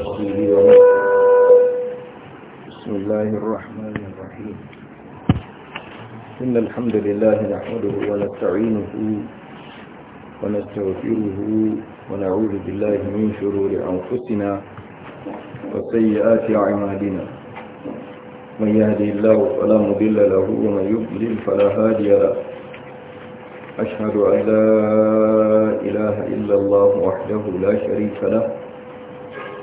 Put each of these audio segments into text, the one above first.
بسم الله الرحمن الرحيم إن الحمد لله نحمده ونستعينه ونستغفره ونعوذ بالله من شرور أنفسنا وسيئات أعمالنا من يهدي الله فلا مضل له ومن يضلل فلا هادي له أشهد أن لا إله إلا الله وحده لا شريك له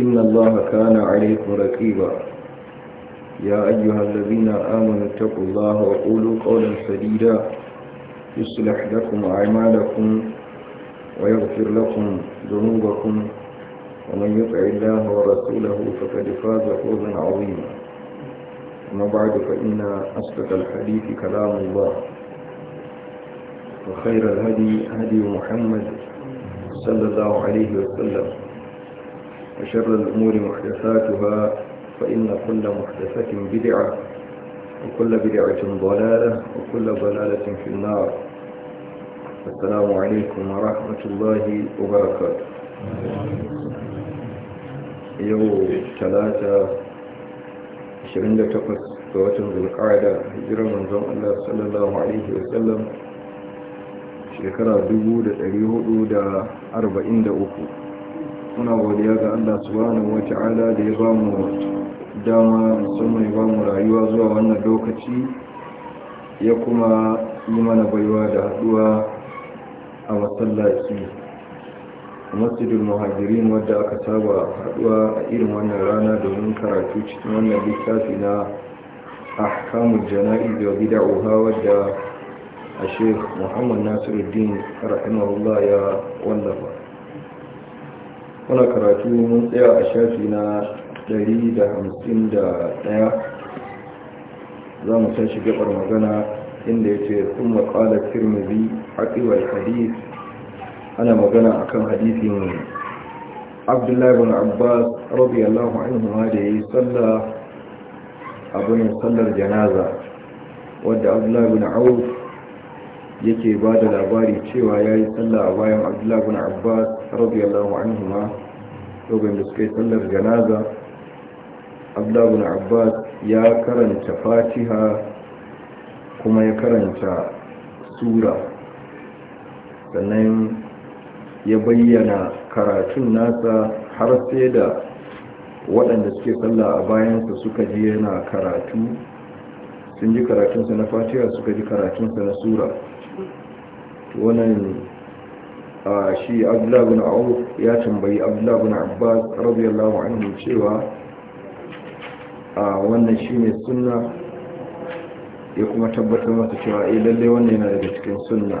إن الله كان عليكم ركيبا يا أيها الذين آمنوا اتقوا الله وقولوا قولا سديدا يصلح لكم أعمالكم ويغفر لكم ذنوبكم ومن يطع الله ورسوله فقد فاز فوزا عظيما أما بعد فإن أصدق الحديث كلام الله وخير الهدي هدي محمد صلى الله عليه وسلم وشر الأمور محدثاتها فإن كل محدثة بدعة وكل بدعة ضلالة وكل ضلالة في النار السلام عليكم ورحمة الله وبركاته يوم ثلاثة عشرين تقص قواتن ذو القاعدة هجرة من ظن الله صلى الله عليه وسلم شكرا دبود دا اليهود أربعين دا muna godiya ga Allah subhanahu wata'ala da ya ba mu dama musamman ya ba mu rayuwa zuwa wannan lokaci ya kuma yi mana baiwa da haduwa a masallaci a masjidul muhajirin wadda aka saba haduwa a irin wannan rana domin karatu cikin wannan littafi na ahkamul jana'iz gida oha wadda a sheikh muhammad nasiruddin rahimahullah ya wallafa muna karatu mun tsaya a shafi na 151 za mu san shiga gabar magana inda ya ce sun maƙalar tirmidhi aqiwal hadith ana magana akan hadithin abdullahi bin abbas radiyallahu anhu ma da yayi sallah abin sallar janaza wadda abdullahi bin auf yake ba da labari cewa ya yi sallah a bayan abdullahi bin abbas radiyallahu anhuma dogon da suke sallar janaza abdullahi abbas ya karanta fatiha kuma ya karanta sura sannan ya bayyana karatun nasa har sai da waɗanda suke salla a bayansa suka ji yana karatu sun ji karatunsa na fatiha suka ji karatunsa na sura wannan shi abdullahi bin auf ya tambayi abdullahi bin abbas radiyallahu anhu cewa wannan shi ne sunna ya kuma tabbatar masa cewa e, lalle wannan yana daga cikin sunna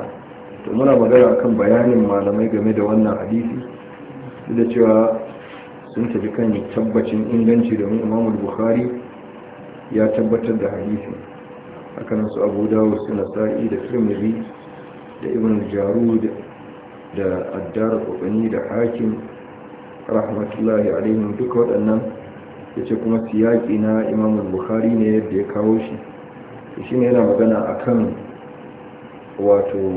to muna magana kan bayanin malamai game da wannan hadisi da cewa sun tafi kan tabbacin inganci domin imamul bukhari ya tabbatar da hadisi hakanan su abu dawo suna sa'i da firmiri da ibn jarud da addar kokani da hakim rahmatullahi alaihim duk waɗannan ya ce kuma siyaki na imamun bukhari ne yadda ya kawo shi shi ne yana magana akan wato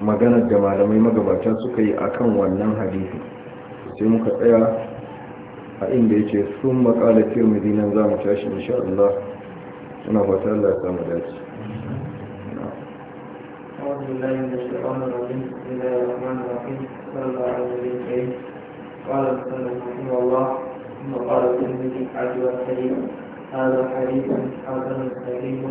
maganar da malamai magabata suka yi akan wannan hadisi sai muka tsaya a inda ya ce sun makalar tirmidhi nan za mu tashi insha Allah suna fata Allah ya samu dace أعوذ بالله من الشيطان الرجيم بسم الله الرحمن الرحيم صلى على النبي الكريم قال المسلم رحمه الله ثم قال الترمذي عجب الكريم هذا حديث حسن كريم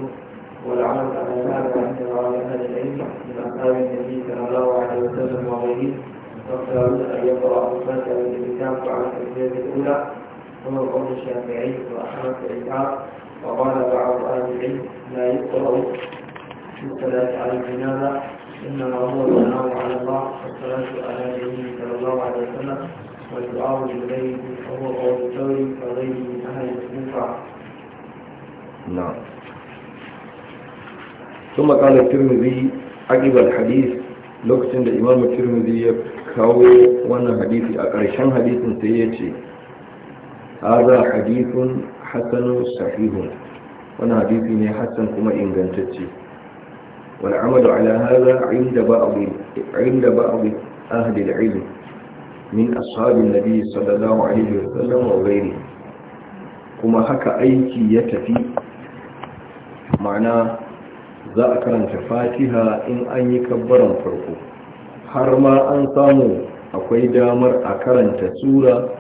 والعمل على هذا عند بعض اهل العلم من اصحاب النبي صلى الله عليه وسلم وغيره واختاروا ان يقرأوا الفاتحه بالكتاب على التجربه الاولى وهو قول الشافعي واحمد بن وقال بعض اهل العلم لا يقرأ في الصلاة على الجنازة إنما هو الثناء على الله والصلاة على نبيه صلى الله عليه وسلم والدعاء للغيب وهو قول الثوري وغيره من أهل الكوفة نعم ثم قال الترمذي عقب الحديث lokacin da imam tirmidhi ya kawo wannan hadisi a ƙarshen hadisin sai ya ce haza hadithun hasanu sahihun wannan hadisi ne hassan kuma ingantacce والعمل على هذا عند بعض عند بعض أهل العلم من أصحاب النبي صلى الله عليه وسلم وغيره كما حكى أيكي يتفي معنى ذا أكرم فاتحة إن أن يكبر فرقه har ma an samu akwai damar a karanta sura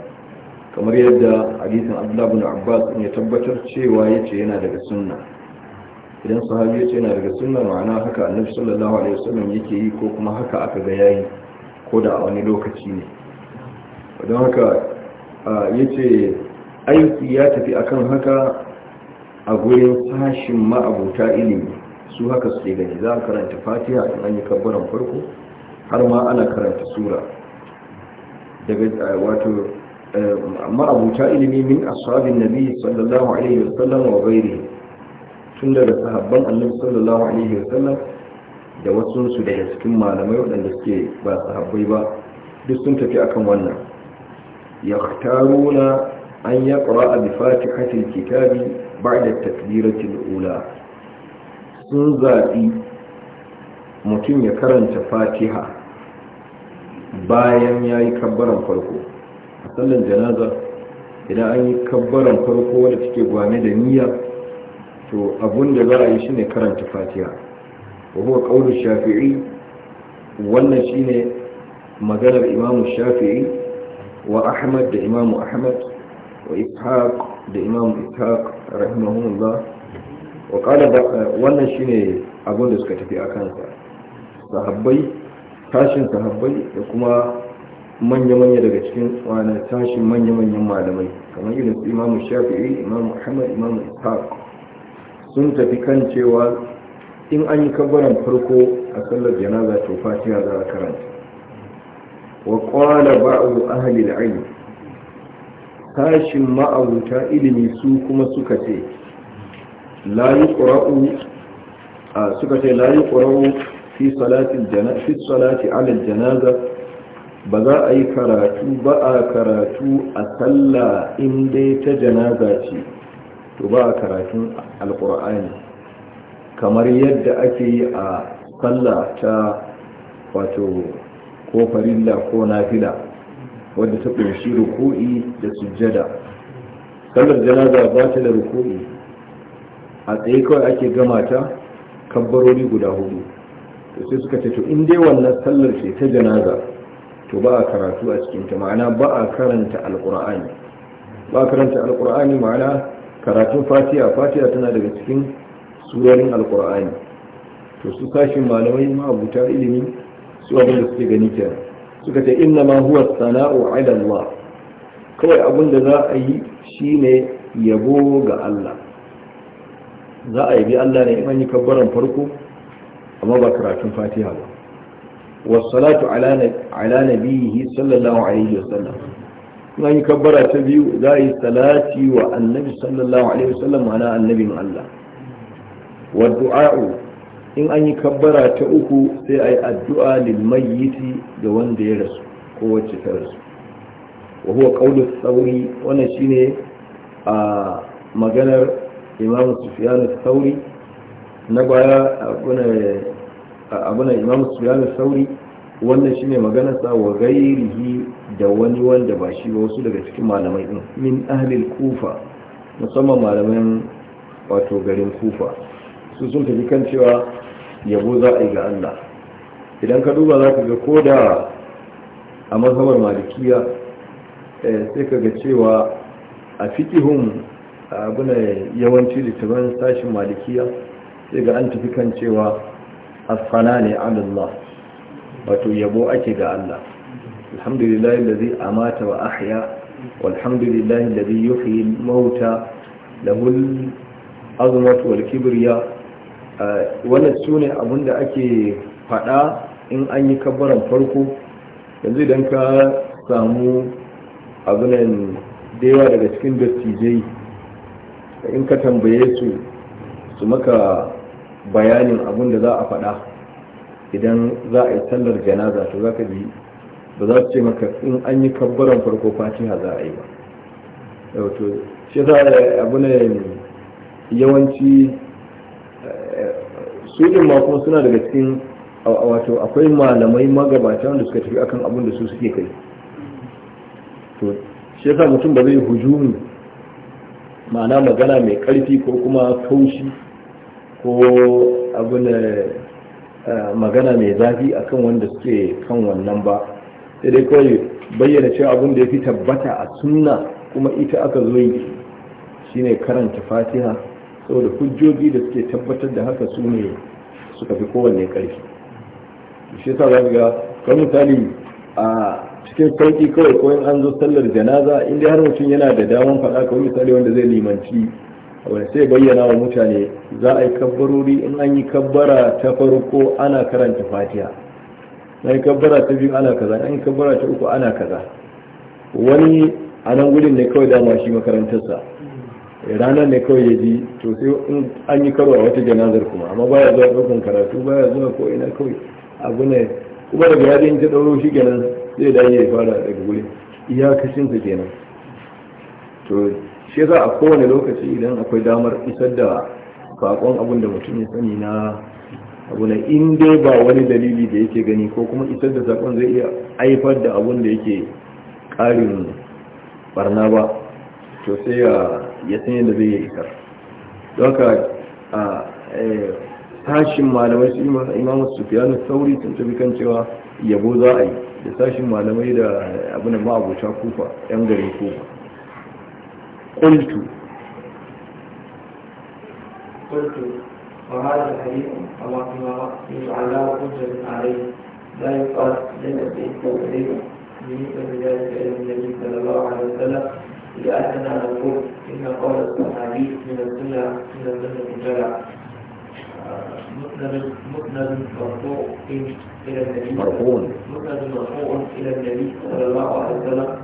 kamar yadda hadisin abdullabin abbas ya tabbatar cewa ya ce yana daga sunna idan sahabi ya ce yana daga sunna ma'ana haka annabi sallallahu alaihi wasallam yake yi ko kuma haka aka ga yayi ko da a wani lokaci ne don haka yace aiki ya tafi akan haka a gurin sashin ma'abuta ilimi su haka suke gani za a karanta fatiha in an yi kabbaran farko har ma ana karanta sura daga wato eh, ma'abuta ilimi min ashabin nabi sallallahu alaihi wasallam wa ghairihi tun daga sahabban annabi sallallahu alaihi sallam da wasu su daga cikin malamai waɗanda suke ba sahabbai ba duk sun tafi akan wannan na an a bi fatihatil kitabi ba'da takbiratil ula sun zaɓi mutum ya karanta fatiha bayan ya yi kabbaran farko a sallan janaza idan an yi kabbaran farko wadda take gwame da niyya to abun da za a yi shine karanta fatiha wa huwa qawlu shafi'i wannan shine maganar imamu shafi'i wa ahmad da imamu ahmad wa ishaq da imamu ishaq rahimahumullah wa qala wannan shine abun da suka tafi akan sa sahabbai tashin sahabbai da kuma manya-manya daga cikin wani tashin manya-manyan malamai kamar irin su imamu shafi'i imamu ahmad imamu ishaq sun tafi kan cewa in an yi kabbaran farko a sallar janaza to fatiha za a karanta wa qala ba'u ahli al-ilm tashin ma'abuta ilimi su kuma suka ce la yuqra'u suka ce la yuqra'u fi salati al-janaza fi salati ala al-janaza ba za a yi karatu ba a karatu a sallah in dai ta janaza ce to ba a karatun alkur'ani kamar yadda ake yi a kalla ta wato ko farilla ko nafila wadda ta kunshi ruku'i da sujjada sallar janaza ba ta da ruku'i a tsaye kawai ake gama ta kabbarori guda hudu to sai suka ce to in dai wannan sallar ce ta janaza to ba a karatu a cikinta. ma'ana ba a karanta alkur'ani ba a karanta alkur'ani ma'ana karatun fatiha fatiha tana daga cikin surorin alkur'ani to su sashin malamai abuta ilimi su abin da suke gani kenan suka ce inna ma huwa sana'u ala Allah kawai abin da za a yi shine yabo ga Allah za a yabi Allah ne in yi kabbaran farko amma ba karatun fatiha ba wasalatu ala nabiyihi sallallahu alaihi wasallam an yi kabbara ta biyu za a yi salati wa annabi sallallahu alaihi wasallam ana annabin Allah wa du'a'u in an yi kabbara ta uku sai a yi addu'a lil mayyiti ga wanda ya rasu ko wacce ta rasu wa huwa qawlu thawri wannan shine a maganar Imam Sufyan al-Thawri na baya abuna abuna Imam Sufyan al-Thawri wannan shine maganar sa wa gairihi da wani wanda ba shi ba wasu daga cikin malamai din min ahlil kufa musamman malaman wato garin kufa su sun tafi kan cewa yabo za a yi ga Allah idan ka duba za ka ga ko da a mazhabar malikiya eh, sai ka ga cewa a fikihun abuna yawanci littafin sashin malikiya sai ga an tafi kan cewa asfana ne Allah wato yabo ake ga Allah alhamdulillah allazi amata wa ahya walhamdulillah allazi yuhyi al-mauta lahul azmatu wal kibriya wannan sune abinda ake fada in an yi kabbaran farko yanzu idan ka samu abinan da daga cikin dattijai in ka tambaye su su maka bayanin abin da za a faɗa idan za a yi sallar janaza to za ka bi ba za su ce maka in an yi kabbaran farko fatiha za a yi ba to shi za a eh, abu ne yawanci eh, su ma suna daga cikin wato akwai malamai magabata wanda suka tafi akan abin da su suke kai to shi yasa mutum ba zai hujumi ma'ana magana mai karfi ko kuma kaushi ko abin magana mai zafi akan wanda suke kan wannan ba sai dai kawai bayyana cewa abin da ya fi tabbata a sunna kuma ita aka zo yi shine karanta fatiha saboda hujjoji da suke tabbatar da haka su ne suka fi kowanne ƙarfi shi sa za ga kan misali a cikin sauki kawai ko an zo sallar janaza inda har mutum yana da daman faɗa kawai misali wanda zai limanci sai bayyana wa mutane za a yi kabbarori in an yi kabbara ta farko ana karanta fatiha na yi kabbara ta biyu ana kaza an yi kabbara ta uku ana kaza wani a nan gudun ne kawai dama shi makarantarsa ranar ne kawai ya ji to sai in an yi karo a wata janazar kuma amma baya zuwa ɗaukan karatu baya zuwa ko ina kawai abu ne kuma daga ya ta ɗauro shi kenan zai da ya fara daga gudun iyakacinsa kenan to shi za a kowane lokaci idan akwai damar isar da kakon abin da mutum ya sani na abu na inda ba wani dalili da yake gani ko kuma isar da sakon zai iya haifar da abin da yake karin barna ba to sai ya san yadda zai yi isar don ka a eh, sashin malamai su imamu na sauri sun tafi kan cewa yabo za a yi da sashin malamai da abin da ma'abuta kufa yan garin kufa قلت قلت وهذا الحديث اللهم يعلى حجة عليه لا يقال لنا إلى النبي صلى الله عليه وسلم لأننا نقول إن قول الصحابي من السنة من السنة الجلع مسند مسند مرفوع إلى النبي مرفوع مرفوع إلى النبي صلى الله عليه وسلم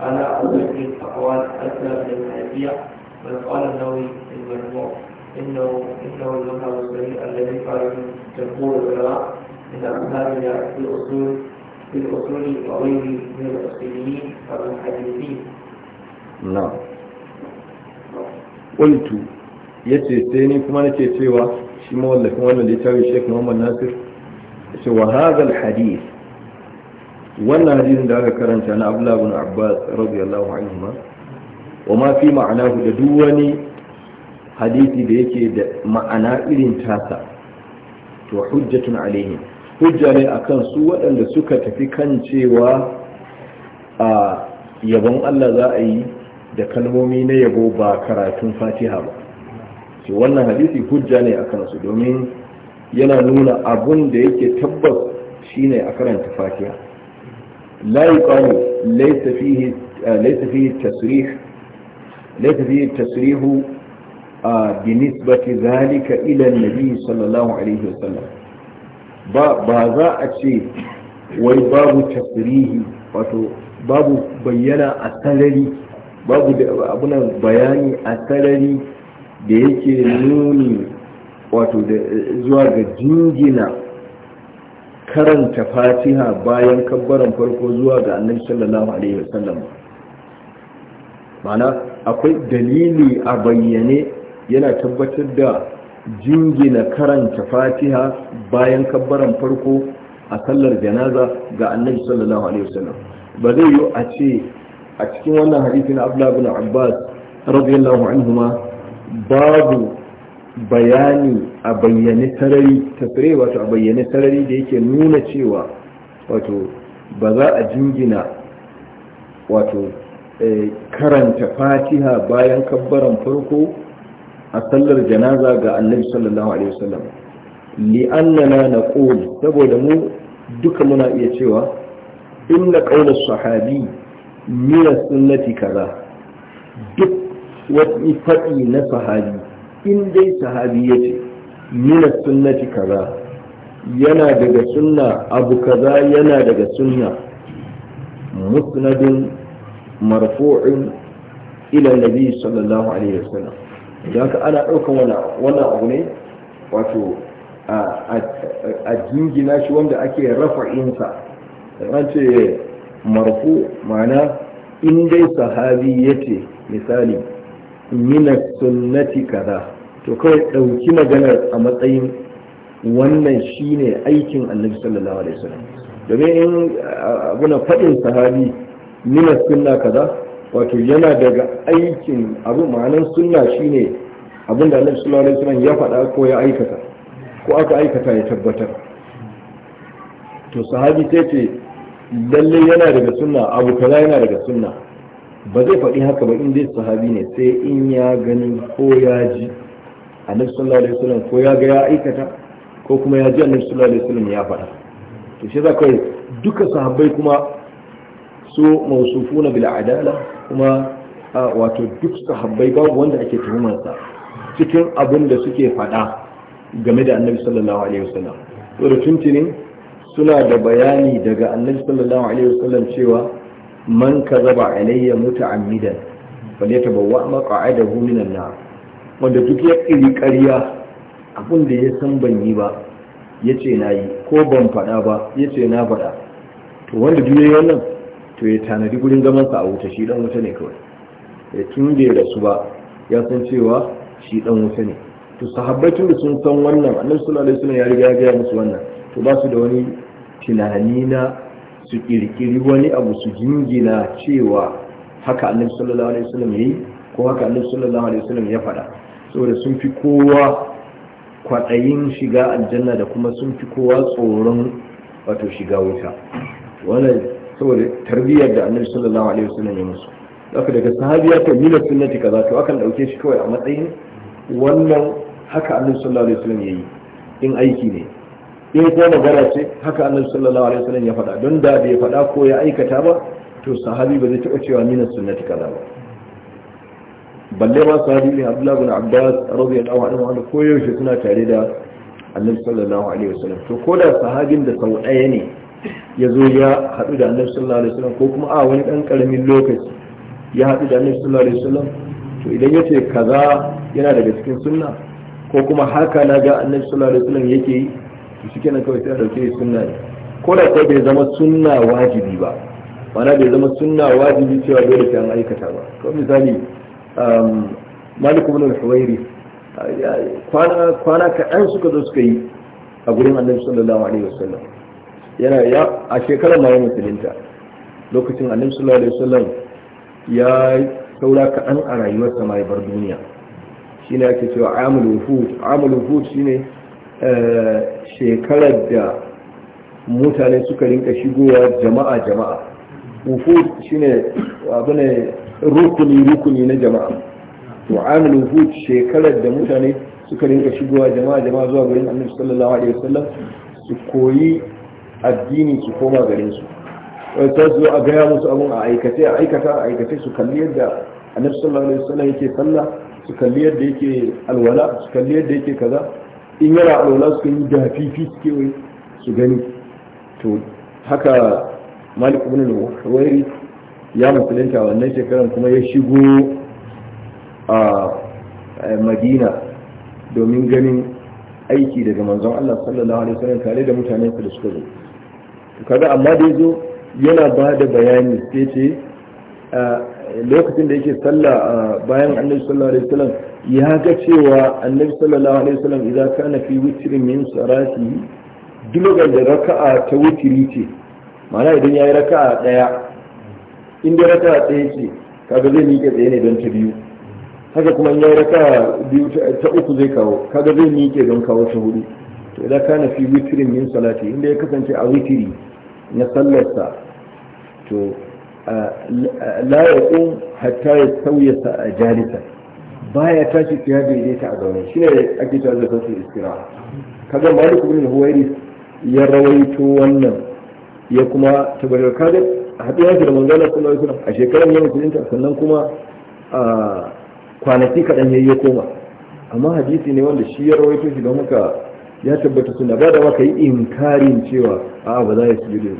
على أوجه الأقوال من للنبي من قال النووي المجموع إنه إنه المذهب الصحيح الذي قاله جمهور العلماء من أصحابنا في الأصول في الأصول وغيره من الأصوليين والمحدثين. نعم. قلت yace sai ni kuma nake cewa shi mawallafin wannan littafin Sheikh Muhammad Nasir hadha al-hadith wannan hadisin da aka karanta na Abdullah ibn Abbas radiyallahu anhu ma wa ma fi ma'anahu da duk wani hadisi da yake da ma'ana irin tasa to hujjatun alaihi hujja ne akan su waɗanda suka tafi kan cewa a yabon Allah za a yi da kalmomi na yabo ba karatun fatiha ba ce wannan hadisi hujja ne a kansu domin yana nuna abun da yake tabbas shine a karanta fatiha لا يقال ليس فيه ليس فيه التصريح ليس فيه التصريح بنسبة ذلك إلى النبي صلى الله عليه وسلم بازاء الشيء وباب التصريح باب بينا السلري باب أبنا بياني السلري da yake nuni wato zuwa ga jingina karanta fatiha bayan kabbaran farko zuwa ga annabi sallallahu alaihi wasallam mana akwai dalili a bayyane yana tabbatar da jingina karanta fatiha bayan kabbaran farko a sallar janaza ga annabi sallallahu alaihi wasallam ba zai yi a ce a cikin wannan hadisi na abdullahi bin abbas radiyallahu anhuma babu bayani a bayyane sarari tafire wato a bayyane sarari da yake nuna cewa wato ba za a jingina wato eh, karanta fatiha bayan kabbaran farko a sallar janaza ga annabi sallallahu alaihi wasallam li'annana naqul saboda mu duka muna iya cewa inna ƙaunar sahabi min sunnati kaza duk wani faɗi na sahabi in dai sahabi ya ce mina sunnati kaza yana daga sunna abu kaza yana daga sunna musnadin marfu'in ila nabi sallallahu alaihi wasallam idan ka ana ɗaukan wani abu ne wato a jingina shi wanda ake rafa'insa an ce marfu ma'ana in dai sahabi ya ce misali mina sunnati kaza to kawai ɗauki maganar a matsayin wannan shine aikin annabi sallallahu alaihi wasallam domin in abuna faɗin sahabi mina sunna kaza wato yana daga aikin abu ma'anar sunna shine abin da annabi sallallahu alaihi wasallam ya faɗa ko ya aikata ko aka aikata ya tabbatar to sahabi sai ce lalle yana daga sunna abu kaza yana daga sunna ba zai faɗi haka ba in dai sahabi ne sai in ya gani ko ya ji annabi sallallahu alaihi wasallam ko ya ga ya aikata ko kuma ya ji annabi sallallahu alaihi wasallam ya faɗa to shi za kai duka sahabbai kuma su mausufuna bil adala kuma wato duk sahabbai babu wanda ake tuhumarsa cikin abin da suke faɗa game da annabi sallallahu alaihi wasallam to da tuntunin suna da bayani daga annabi sallallahu alaihi wasallam cewa man kazaba alayya muta'ammidan falyatabawwa maq'adahu minan nar wanda duk ya ƙiri ƙariya abin da ya san ban yi ba ya ce na yi ko ban faɗa ba ya ce na faɗa to wanda duk yi wannan to ya tanadi gurin sa a wuta shi dan wuta ne kawai ya tun ya rasu ba ya san cewa shi dan wuta ne to sahabbatin da sun san wannan annabi sallallahu alaihi wasallam ya riga ya gaya musu wannan to ba su da wani tunani na su kirkiri wani abu su jingina cewa haka annabi sallallahu alaihi wasallam yayi ko haka annabi sallallahu alaihi wasallam ya faɗa saboda sun fi kowa kwaɗayin shiga aljanna da kuma sun fi kowa tsoron wato shiga wuta wannan saboda tarbiyyar da annabi sallallahu alaihi wasallam ya musu haka daga sahabiya ta mila sunnati kaza to akan dauke shi kawai a matsayin wannan haka annabi sallallahu alaihi wasallam yayi in aiki ne in ko magana ce haka annabi sallallahu alaihi wasallam ya faɗa don da bai faɗa ko ya aikata ba to sahabi ba zai taɓa cewa mila sunnati kaza ba balle ma sahabi ne abdullahi bin abbas radiyallahu anhu wanda koyaushe suna tare da annabi sallallahu alaihi wasallam to ko da sahabin da sau ɗaya ne ya zo ya haɗu da annabi sallallahu alaihi wasallam ko kuma a wani ɗan ƙaramin lokaci ya haɗu da annabi sallallahu alaihi wasallam to idan ya ce kaza yana daga cikin sunna ko kuma haka na ga annabi sallallahu alaihi wasallam yake yi to shi kenan kawai sai a dauke sunna ne ko da kai bai zama sunna wajibi ba ma'ana bai zama sunna wajibi cewa dole sai an aikata ba kawai misali Um, maliku bin al-huwairi kwana kwana kaɗan suka zo suka yi a gurin annabi sallallahu alaihi wasallam yana ya a shekarar ma musulunta lokacin annabi sallallahu alaihi wasallam ya saura kaɗan a rayuwarsa ma ya bar duniya shine ake cewa amul wufud amul wufud shine eh, shekarar da mutane suka rinka shigowa jama'a jama'a wufud shine abu ne rukuni rukuni na jama'a to amilul hud shekarar da mutane suka rinka shigowa jama'a jama'a zuwa garin annabi sallallahu alaihi wasallam su koyi addini su koma garin su ta zo a gaya musu abun a aikace a aikata a aikace su kalli yadda annabi sallallahu alaihi wasallam yake sallah su kalli yadda yake alwala su kalli yadda yake kaza in yana alwala su yi dafifi suke wai su gani to haka malik ibn al wahri ya musulunta wannan shekaran kuma ya shigo a madina domin ganin aiki daga manzon Allah sallallahu alaihi wasallam tare da mutanen su da suka zo kaga amma da yazo yana ba da bayani sai ce lokacin da yake sallah bayan annabi sallallahu alaihi wasallam ya ga cewa annabi sallallahu alaihi wasallam idan kana fi witrin min sarati duk da raka'a ta witri ce ma'ana idan yayi raka'a daya in da raka ɗaya ce kaga zai miƙe tsaye ne don ta biyu haka kuma ya raka biyu ta uku zai kawo kaga zai miƙe don kawo ta hudu to idan kana fi witirin min salati inda ya kasance a witiri na sallarsa to la yaqum hatta sa a jalisa baya tashi ya daidaita a zaune shine ake ta da sosai iskira kaga malik ibn huwairi ya rawaito wannan ya kuma tabbatar kaga a haɗuwa shi da manzala sallallahu alaihi suna a shekarar ya ta sannan kuma a kwanaki kaɗan ya yi koma amma hadisi ne wanda shi ya rawaito shi don haka ya tabbata suna ba da maka yi inkarin cewa a ba za ya su yi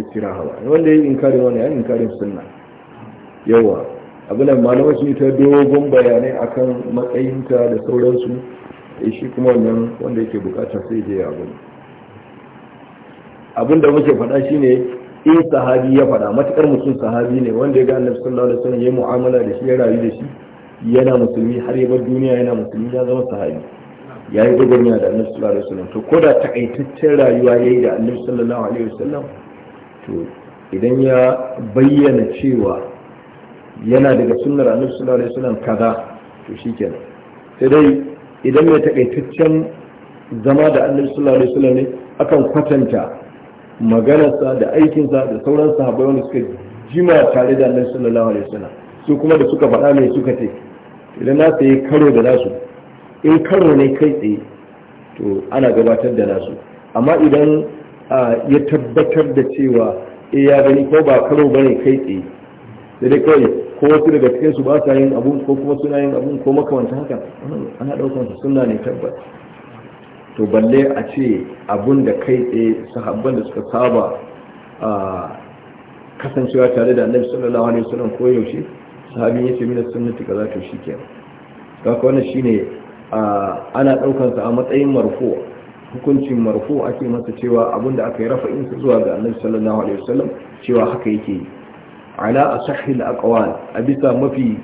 istiraha ba wanda ya yi inkarin wani ya yi inkarin sunna yawa abin da malamai sun ta dogon bayanai akan matsayinta da sauransu eh, shi kuma wannan wanda yake bukata sai je ya abin da muke faɗa shine in sahabi ya faɗa matukar mutum sahabi ne wanda ya ga annabi sallallahu alaihi wasallam ya mu'amala da shi ya rayu da shi yana musulmi har ya bar duniya yana musulmi ya zama sahabi ya yi gwagwarmaya da annabi sallallahu alaihi wasallam to ko da takaitaccen rayuwa ya yi da annabi sallallahu alaihi wasallam to idan ya bayyana cewa yana daga sunnar annabi sallallahu alaihi wasallam kaza to shikenan sai dai idan mai takaitaccen zama da annabi sallallahu alaihi wasallam ne akan kwatanta maganarsa da aikinsa da sauran sahabbai wanda suka jima tare da annabi sallallahu alaihi wasallam su kuma da suka faɗa mai suka ce idan na sai karo da nasu in karo ne kai tsaye to ana gabatar da nasu amma idan ya tabbatar da cewa e ya gani ko ba karo bane kai tsaye da dai kawai ko wasu daga cikin su ba sa yin abun ko kuma suna yin abun ko makamanta haka ana ɗaukar su sunna ne tabbata to balle a ce abun da kai tsaye sahabban da suka saba a kasancewa tare da annabi sallallahu alaihi wasallam ko yaushe sahabi ya ce mina sunnati kaza to shikenan kaka wannan shine ana daukar sa a matsayin marfu hukuncin marfu ake masa cewa abun da aka yi rafa'in sa zuwa ga annabi sallallahu alaihi wasallam cewa haka yake ala asahhil aqwal a bisa mafi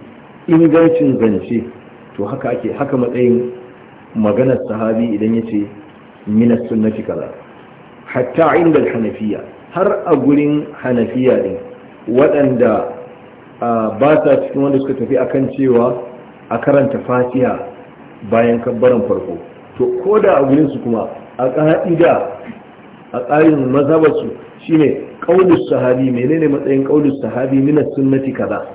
ingancin zance to haka ake haka matsayin maganar sahabi idan ya ce minas sunnati kaza hatta inda hanafiya har a gurin hanafiya ne waɗanda ba sa cikin wanda suka tafi akan cewa a karanta fatiha bayan kabbaran farko to ko da a gurinsu kuma a ƙa'ida a tsarin mazhabarsu shine ƙaunin sahabi menene matsayin ƙaunin sahabi minas sunnati kaza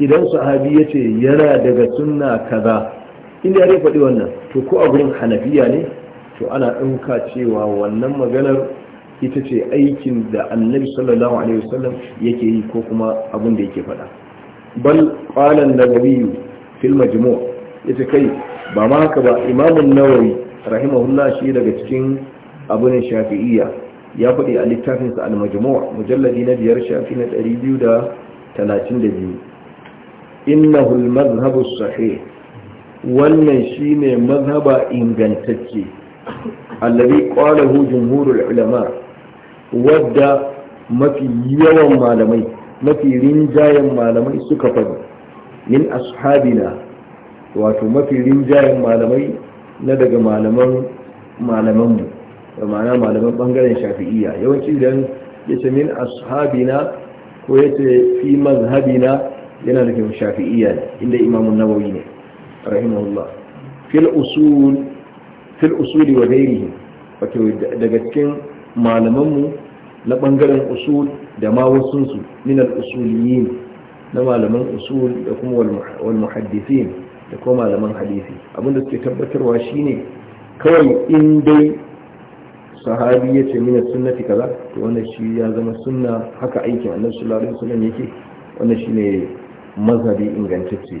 idan sahabi yace yana daga sunna kaza inda ya faɗi wannan to ko a gurin hanafiya ne to ana ɗauka cewa wannan maganar ita ce aikin da annabi sallallahu alaihi wasallam yake yi ko kuma abin da yake faɗa bal qalan an-nawawi fil majmu' ita kai ba ma haka ba imam an-nawawi rahimahullah shi daga cikin abun shafi'iyya ya faɗi a littafin sa al-majmu' mujalladi na biyar shafi na 232 innahu al-madhhabu as-sahih wannan shine mazhaba ingantacce allabi qalahu jumhurul ulama wadda mafi yawan malamai mafi rinjayen malamai suka faɗi min ashabina wato mafi rinjayen malamai na daga malaman malamanmu da ma'ana malaman bangaren shafi'iyya yawanci idan ya ce min ashabina ko ya ce fi mazhabina yana da shafi'iyya inda imamun nawawi ne rahimahullah fil usuli wa ghairihi wato daga cikin malamanmu na bangaren usul da ma wasunsu min usuliyin na malaman usul da kuma wal muhaddisin da kuma malaman hadisi da suke tabbatarwa shine kawai in dai sahabi ya ce mina sunnati kaza to wannan shi ya zama sunna haka aikin annabi sallallahu alaihi wasallam yake wannan shine mazhabi ingantacce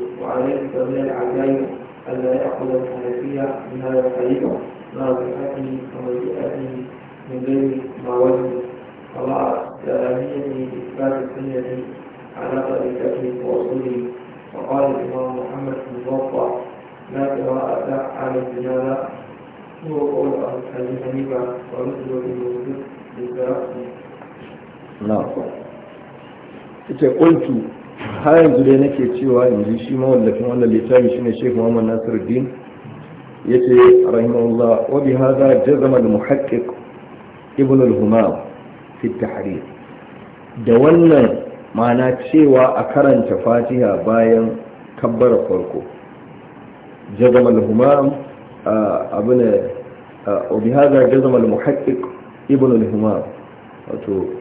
وعليه فمن العجائب ألا يأخذ الحنفية من هذا الحديث مع صحته ومجيئته من غير ما وجد ومع كراهية إثبات السنة على طريقته وأصوله وقال الإمام محمد بن موقع لا قراءة على الجنازة هو قول أبي حنيفة ومثله بالوجود للترقي نعم قلت har yanzu dai nake cewa ji shi mawallafin wannan littafi shine Sheikh Muhammad Nasiruddin yace rahimahullah wa bi hadha jazama al-muhaqqiq ibn al-humam fi tahrir da wannan ma'ana cewa a karanta Fatiha bayan kabbara farko jazama al-humam abuna wa bi hadha jazama al-muhaqqiq ibn al-humam wato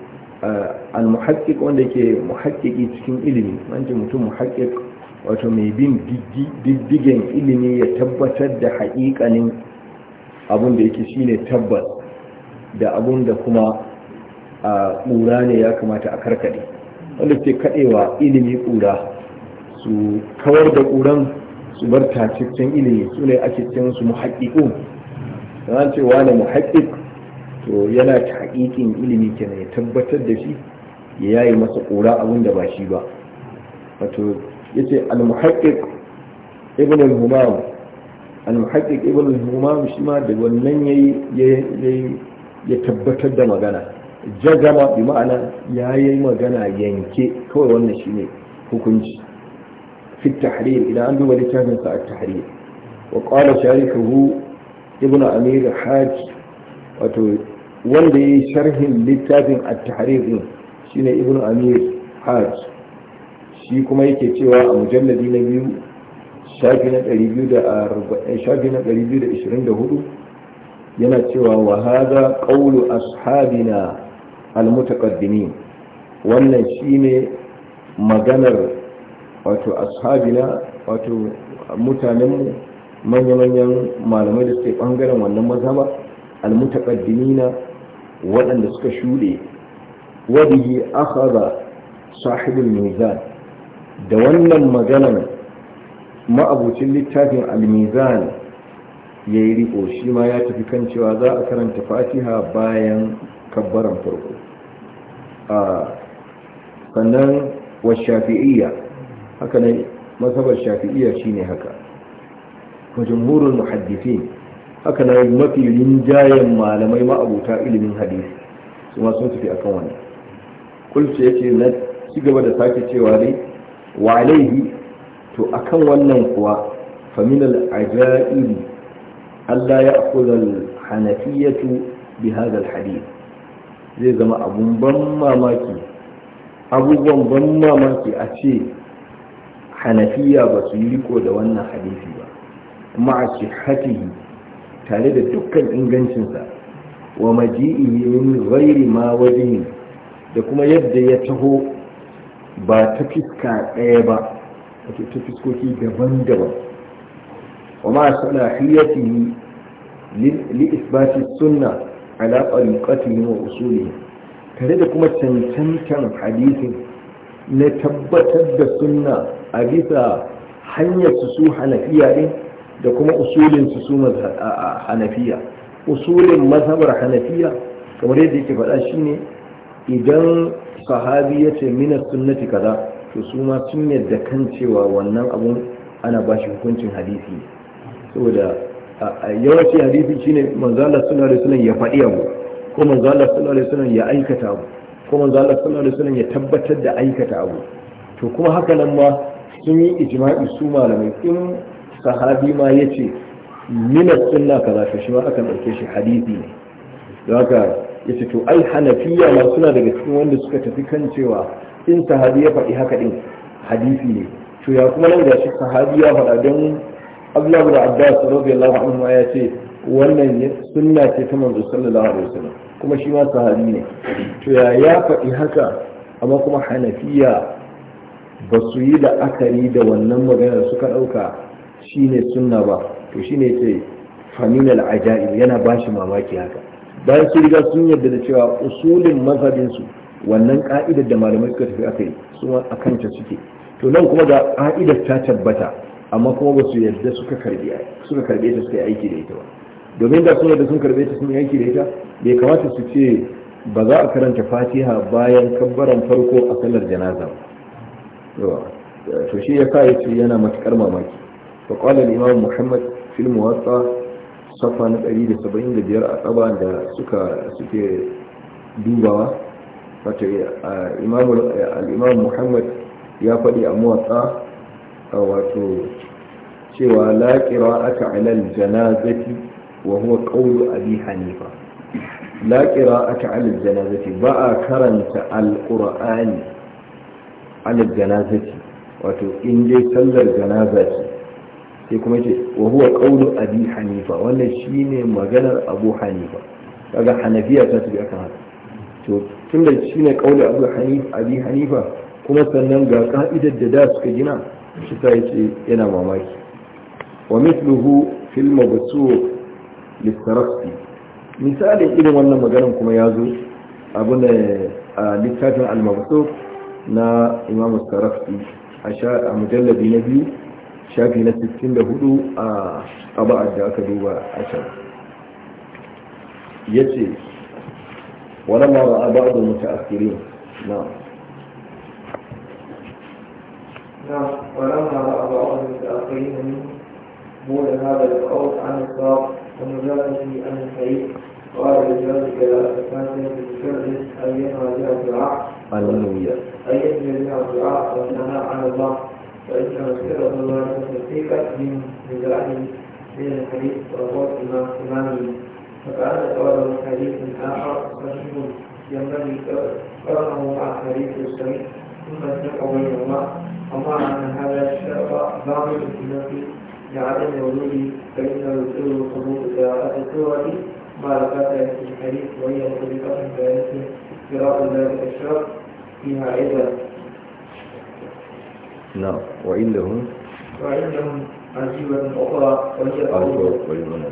al-muhaqqiq wanda yake muhaqqiqi cikin ilimi wanda mutum muhaqqiq wato mai bin diddigen ilimi ya tabbatar da haƙiƙanin abin da yake shine tabbas da abin da kuma a ƙura ne ya kamata a karkade wanda ke kaɗewa ilimi ƙura su kawar da ƙuran su bar tacicin ilimi su ne ake cin su muhakkiku, sanar cewa da muhakkik. to yana ta haƙiƙin ilimi kenan ya tabbatar da shi ya yayi masa ƙura abin da ba shi ba wato ce, al-muhaqqiq ibn al-humam al-muhaqqiq ibn al-humam shi ma da wannan yayi ya tabbatar da magana jagama bi ma'ana yi magana yanke kawai wannan shine hukunci fi tahrir idan an duba littafin sa at-tahrir wa qala sharikuhu ibn amir hajj wato wanda ya yi sharhin littafin at-tahrir din shine ibn amir hajj shi kuma yake cewa a mujalladi na biyu shafi na 224 eh, yana cewa wa hadha qawlu ashabina al-mutaqaddimin wannan shine maganar wato ashabina wato mutanenmu manya-manyan malamai da suke ɓangaren wannan mazhaba almutaqaddimina waɗanda suka shuɗe wa bihi akhadha sahibul mizan da wannan maganan ma'abucin littafin al-mizan yayi riko shi ma ya tafi kan cewa za a karanta fatiha bayan kabbaran farko a sannan wa shafi'iyya haka ne masabar shafi'iyya shine haka wa jumhurul muhaddithin haka na mafi rinjayen malamai ma'abuta ilimin hadisi su ma sun tafi akan wannan kulce ce na ci gaba da sake cewa dai wa alaihi to akan wannan kuwa faminal al'ajaibi Allah ya akula hanafiyatu bi zai zama abun ban mamaki abubuwan ban mamaki a ce hanafiya ba su yi riko da wannan hadisi ba ma'a hatihi tare da dukkan ingancinsa wa maji'ihi min ghairi ma wajhi da kuma yadda ya taho ba ta fiska ɗaya ba wato ta fiskoki daban-daban wa ma salahiyatihi li isbati sunna ala tariqatihi wa usulihi tare da kuma cancantan hadisin na tabbatar da sunna a bisa hanyar su su hanafiya ɗin da kuma usulin su su hanafiya usulin mazhabar hanafiya kamar yadda yake faɗa shine idan sahabi ya ce mina sunnati kaza to su ma sun yadda kan cewa wannan abun ana ba shi hukuncin hadisi saboda yawanci hadisi shine manzo Allah sallallahu alaihi wasallam ya faɗi abu ko manzo Allah sallallahu alaihi wasallam ya aikata abu ko manzo Allah sallallahu alaihi wasallam ya tabbatar da aikata abu to kuma haka nan ma sun yi ijma'i su malamai in sahabi ma ya ce minas suna kaza to shi ma akan ɗauke shi hadisi ne don haka ya ce to ai hanafiya ma suna daga cikin wanda suka tafi kan cewa in sahabi ya faɗi haka ɗin hadisi ne to ya kuma nan gashi sahabi ya faɗa don abdullahi da abbas radiyallahu anhu ya ce wannan suna ce ta manzo sallallahu alaihi wasallam kuma shi ma sahabi ne to ya ya faɗi haka amma kuma hanafiya ba su yi la'akari da wannan magana suka ɗauka shine sunna ba to shine yace famin al-ajaib yana bashi mamaki haka bayan sun riga sun yarda da cewa usulin mazhabin wannan ka'idar da malamai suka tafi akai su a kanta suke to nan kuma ga ka'idar ta tabbata amma kuma ba su yadda suka karbe suka ta suka yi aiki da ita ba domin da sun yadda sun karbe ta sun yi aiki da ita bai kamata su ce ba za a karanta fatiha bayan kabbaran farko a sallar janaza ba to shi ya kai yana matukar mamaki فقال الإمام محمد في المواطع صفا نتأليه لسبعين لديار أطبع عند سكة سكة دوبا فإمام آه، آه، الإمام محمد يفضي المواطع واتو شوى لا قراءة على الجنازة وهو قول أبي حنيفة لا قراءة على الجنازة بقى كرنت القرآن على الجنازة واتو إن جي سل الجنازة sai kuma ce wa huwa qawlu abi hanifa wannan shine maganar abu hanifa kaga hanafiya ta tafi akan haka to tunda shine qawlu abu hanifa abi hanifa kuma sannan ga ka'idar da da suka gina shi ta yace yana mamaki wa mithluhu fil mabsuq lisarafi misalin irin wannan maganar kuma ya zo abu ne a littafin al-mabsuq na imam sarafi a mujallabi na biyu شافي نفس 64 a aba'ar da aka duba a can ya ce wani mara نعم na ولما رأى بعض المتأخرين نعم. نعم، منه مولى هذا القول عن الساق ومجالسه عن الحديث قال بذلك لا تفاتن بمجرد أيما جاء الدعاء النووية أيما الدعاء والثناء الله فإن مسيرة الله تستيقظ من نزاعه بين الحديث وقوة إمامه فكأن طلب الحديث آخر صحيح ينبغي قرنه مع الحديث السميع ثم الفرق بينهما ومع أن هذا الشرع باطل في نفي لعدم وجوده فإنه يصير قبول زيارة السورة مع الفتح في الحديث وهي طريقة بيانته قراءة ذلك الشرع فيها عبرة نعم وإن لهم وإن لهم عزيبا أخرى وهي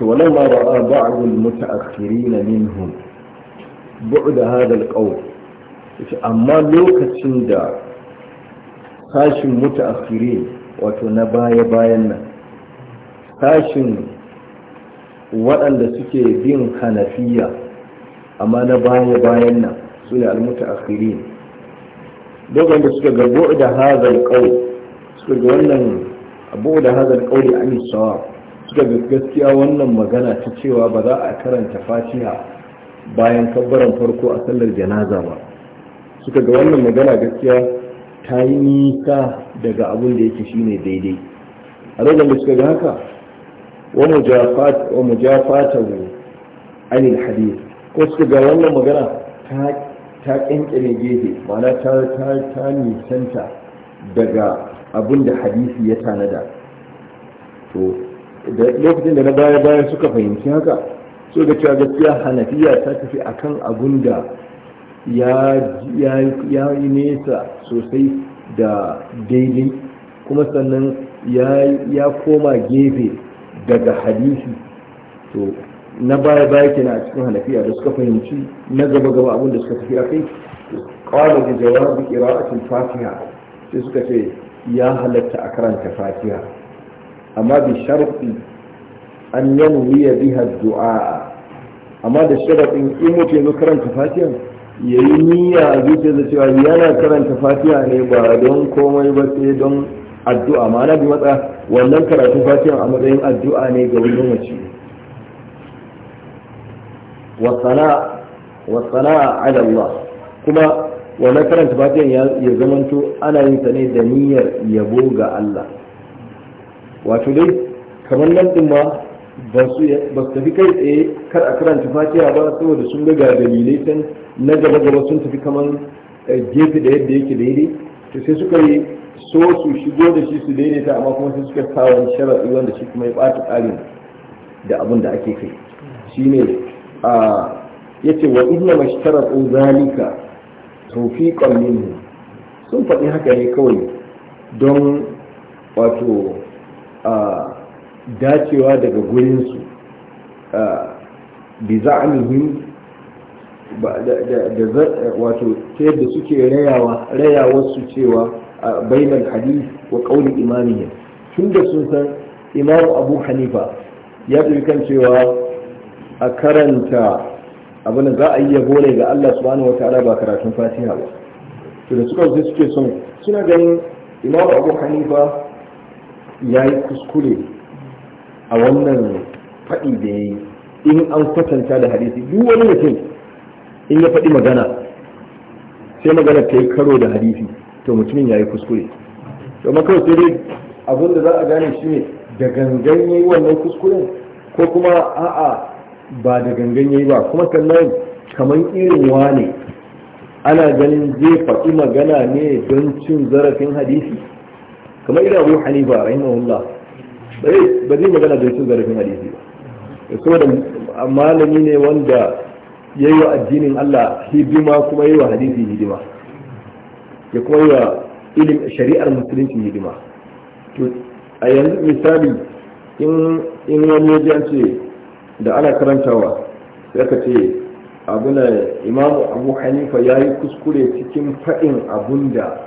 ولما رأى بعض المتأخرين منهم بعد هذا القول أما لو كتشند sashin mutaakhiri wato na baya-bayan nan sashin waɗanda suke bin hanafiya amma na baya-bayan nan dogon da suka ga bu'u da hazal qawl suka ga wannan abu da hazal qawli an sawa suka ga gaskiya wannan magana ta cewa ba za a karanta fatiha bayan kabbaran farko a sallar janaza ba suka ga wannan magana gaskiya ta yi nisa daga abin da yake shine daidai a lokacin da suka ga haka wa mujafatahu anil hadith ko suka ga wannan magana ta ta ƙyanƙyane gefe mana ta ta nisanta daga abin da hadisi ya tanada to da lokacin da na baya baya suka fahimci haka so da cewa gaskiya hanafiya ta tafi akan abin da ya yi nesa sosai da daidai kuma sannan ya koma gefe daga hadisi to na baya baya kenan cikin hanafiya da suka fahimci na gaba gaba abin da suka tafi a kai qala da jawabi qira'atil fatiha sai suka ce ya halatta a karanta fatiha amma bi sharti an yanwiya biha du'a amma da sharadin in mutu ya karanta fatiha ya yi niyya a zuciya da cewa yana karanta fatiha ne ba don komai ba sai don addu'a ma'ana bi matsa wannan karatun fatiha a matsayin addu'a ne ga wani mace wasala ala Allah kuma wannan karanta fatihan ya zamanto ana yin ta ne da niyyar yabo ga Allah wato dai kamar nan din ma ba su tafi kai tsaye kar a karanta fatiha ba saboda sun ga dalilai can na gaba gaba sun tafi kamar gefe da yadda yake daidai to sai suka yi so su shigo da shi su daidaita amma kuma sai suka kawo sharaɗi wanda shi kuma ya ɓata tsarin da abin da ake kai shine Ya ce, wa inna mashtarar zalika tawfiqan minhu sun faɗi haka ne kawai don wato dacewa daga gurinsu bi a wato ta yadda suke rayawa rayawarsu cewa bainal hadith wa qawli imamihim tunda sun san imamu abu hanifa ya kan cewa a karanta abin da za a yi yabo ne ga Allah subhanahu wa ta'ala ba karatun fatiha ba to da suka je suke son suna ganin imam abu hanifa ya yi kuskure a wannan faɗi da ya yi in an kwatanta da hadisi duk wani mutum in ya faɗi magana sai magana ta yi karo da hadisi to mutumin ya yi kuskure to makawai sai dai abin da za a gane shi ne da gangan yi wannan kuskuren ko kuma a'a ba da gangan yayi ba kuma sannan kamar irin wane ana ganin zai faɗi magana ne don cin zarafin hadisi kamar irin abu hanifa rahimahullah ba zai magana don cin zarafin hadisi ba da malami ne wanda ya yi wa addinin Allah hidima kuma ya yi wa hadisi hidima ya kuma yi wa ilim shari'ar musulunci hidima to a yanzu misali in wani ya ce da ana karantawa sai ka ce abuna imamu abu hanifa ya yi kuskure cikin faɗin abun da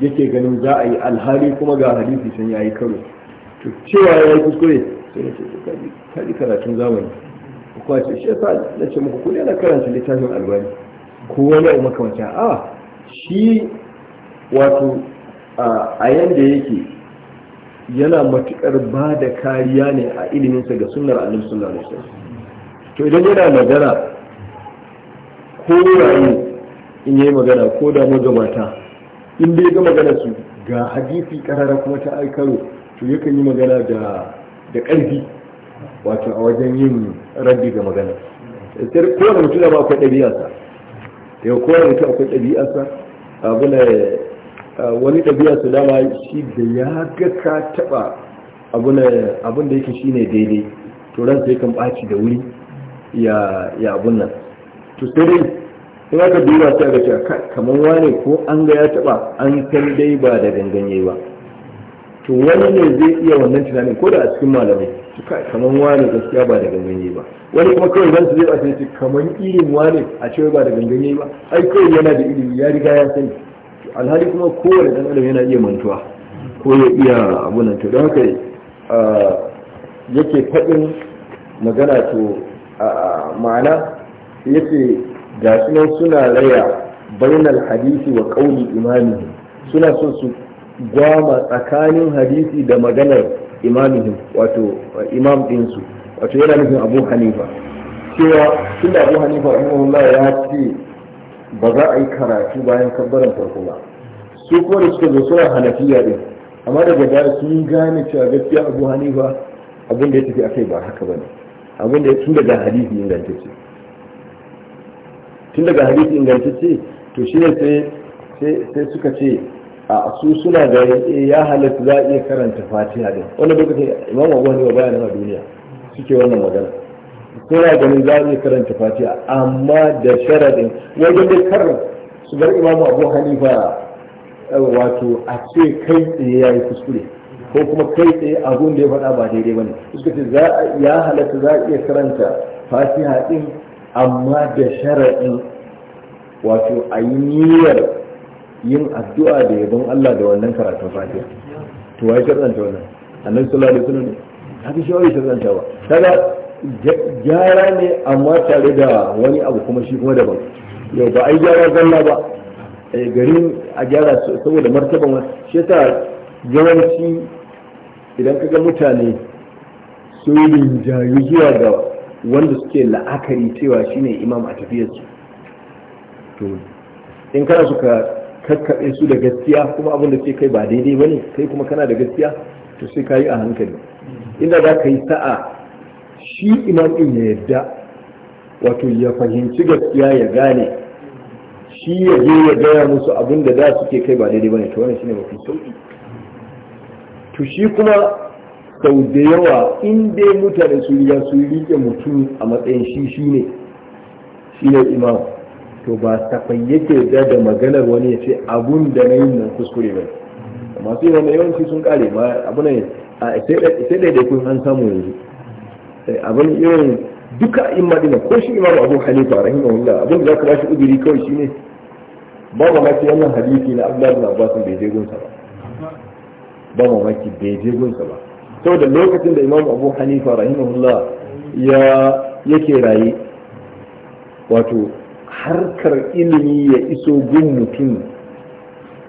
yake ganin za a yi alhali kuma ga hadisi sun ya yi karo to cewa ya yi kuskure sai na ce ka ji karatun zamani kuma ce shi yasa na ce muku kuɗi ana karanta littafin albani ko wani abu makamancin a ah, shi wato a yanda yake yana matuƙar ba da kariya ne a iliminsa ga sunnar annabi sallallahu ne to idan yana magana ko rayu in yi magana ko da magabata in bai ga magana su ga hadisi karara kuma ta aikaro to yakan yi magana da da ƙarfi wato a wajen yin raddi ga magana sai kowane mutum da ba akwai ɗabi'arsa yau kowane mutum akwai ɗabi'arsa abu Ah, wani ɗabi'a su dama shi da ya ga ka taɓa abin da yake shi ne daidai to ran sai kan ɓaci da wuri ya abun nan to sai dai in aka duba sai aka cewa kamar wane ko an ga ya taɓa an san dai ba da ganganye ba to wani ne zai iya wannan tunanin ko da a cikin malamai su kamar wane gaskiya ba da ganganye ba wani kuma kawai zan su zai ce kamar irin wane a cewa ba da ganganye ba ai kawai yana da ilimi ya riga ya sani alhali kuma kowane dan adam yana iya mantuwa ko ya iya abunan to don haka yake faɗin magana to ma'ana yake ga sunan suna raya bainal hadisi wa kauli imamihim suna son su gwama tsakanin hadisi da maganar imamihim wato imam ɗinsu wato yana nufin abu hanifa cewa tunda abu hanifa ya ce ba za a yi karatu bayan kabbaran farko ba su kuma da suka zo suna hanafiya din amma daga baya sun gane cewa gaskiya abu hanifa abin da ya tafi akai ba haka bane abin da tun daga hadisi ingantacce tun daga hadisi ingantacce to shi sai sai suka ce a su suna da eh, ya halatta za a iya karanta fatiha din wannan lokacin imam abu hanifa baya nan a duniya suke wannan magana Ko ya ganin za a karanta fatiha amma da sharadin wajen da kar su bar imamu abu hanifa eh, wato a ce kai tsaye ya yi kuskure ko kuma kai tsaye abun da ya faɗa ba daidai ba ne suka ce ya halatta za a iya karanta fatiha din, amma da sharaɗin wato a yi niyyar yin addu'a da yabon Allah da wannan karatun fatiha to wai karanta wannan annabi sallallahu alaihi wasallam ne haka shi wai karanta ba kaga gyara ne amma tare da wani abu kuma shi kuma daban yau ba yi gyara zalla ba eh, garin a gyara saboda martaban wasu shi ta yawanci idan ka ga mutane sun rinjayu zuwa ga wanda suke la'akari cewa shine imam a tafiyarsu to in kana suka kakkaɓe su da gaskiya kuma abin da ke kai ba daidai ba ne kai kuma kana da gaskiya to sai ka yi a hankali inda za ka yi sa'a shi imam din ya yadda wato ya fahimci gaskiya ya gane shi ya je ya gaya musu abin da da suke kai ba daidai bane to wannan shine mafi sauki to shi kuma sau da yawa in dai mutane su riga su rike mutum a matsayin shi shine shine imam to ba ta yake da da maganar wani ya ce abun da na yin nan kuskure ba masu yi wanda yawanci sun kare ma abu ne sai daidai kun an samu yanzu Eh, abin irin duka in madina ko shi imamu abu hanifa rahimahullah abin da ka bashi udiri kawai shine ba mamaki wannan hadisi na abdullahi bin abbas bai je gunsa ba ba mamaki bai je gunsa ba saboda lokacin da imamu abu hanifa rahimahullah ya yake raye wato harkar ilimi ya iso gun mutum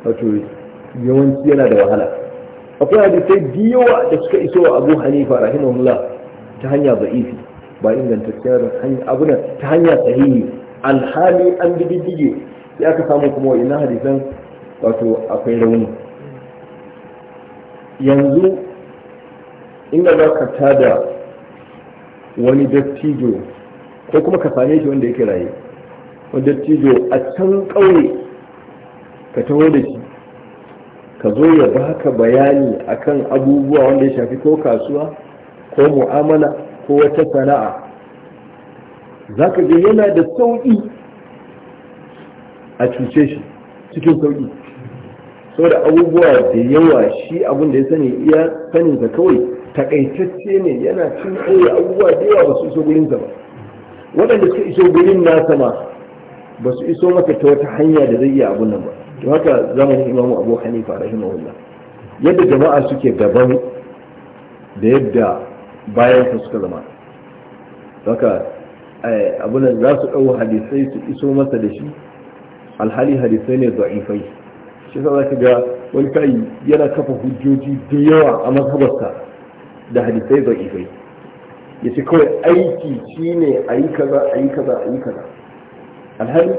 wato yawanci yana da wahala akwai hadisai biyawa da suka iso abu hanifa rahimahullah ta hanya za'ifi ba ingantacciyar na ta hanya sahihi alhali an diddige ya ka samu kuma wa ina hadisan wato akwai rauni yanzu inda za ka tada wani dattijo ko kuma ka same shi wanda yake raye wani dattijo a can ƙauye ka taho da shi ka zo ya baka bayani akan abubuwa wanda ya shafi ko kasuwa ko mu'amala ko wata sana'a za ka ga yana da sauƙi a cuce shi cikin sauƙi saboda abubuwa da yawa shi abin da ya sani iya saninsa kawai takaitacce ne yana cin tsaye abubuwa da yawa ba su iso gurinsa ba waɗanda suka iso gurin nasa ma ba su iso maka ta wata hanya da zai iya abun nan ba to haka zamanin imamu abu hanifa rahimahullah yadda jama'a suke gaban da yadda bayan sa suka zama haka eh, abunan za su ɗau hadisai su iso masa da shi alhali hadisai ne da'ifai shi sa zaka ga wani kai yana kafa hujjoji da yawa a mazhabarsa da hadisai da'ifai ya ce kawai aiki shine a yi kaza a yi kaza a yi kaza alhali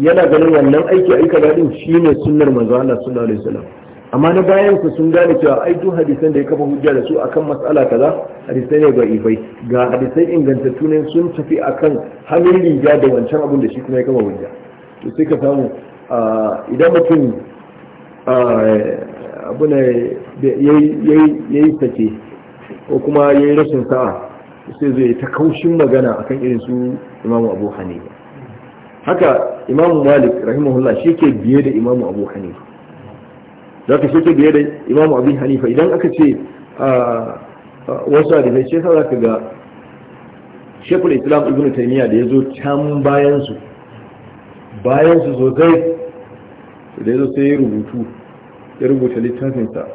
yana ganin wannan aiki a yi kaza din shine sunnar manzo Allah sallallahu alaihi wasallam amma na bayan ku sun gane cewa ai duk hadisan da ya kafa hujja da su akan mas'ala kaza hadisai ne ga ifai ga hadisai ingantattu ne sun tafi akan hannun riga da wancan abun da shi kuma ya kafa hujja to sai ka samu idan mutum abu ne ya yi sake ko kuma ya yi rashin sa'a sai zai ta kaushin magana akan irin su imamu abu hanifa haka imamu malik rahimahullah shi ke biye da imamu abu hanifa za ka shirke biye da imam abu hanifa idan aka ce a wasu hadisai shi yasa za ka ga shekul islam ibn taimiyya da ya zo can bayansu bayansu sosai da ya zo sai ya rubutu ya rubuta littafinsa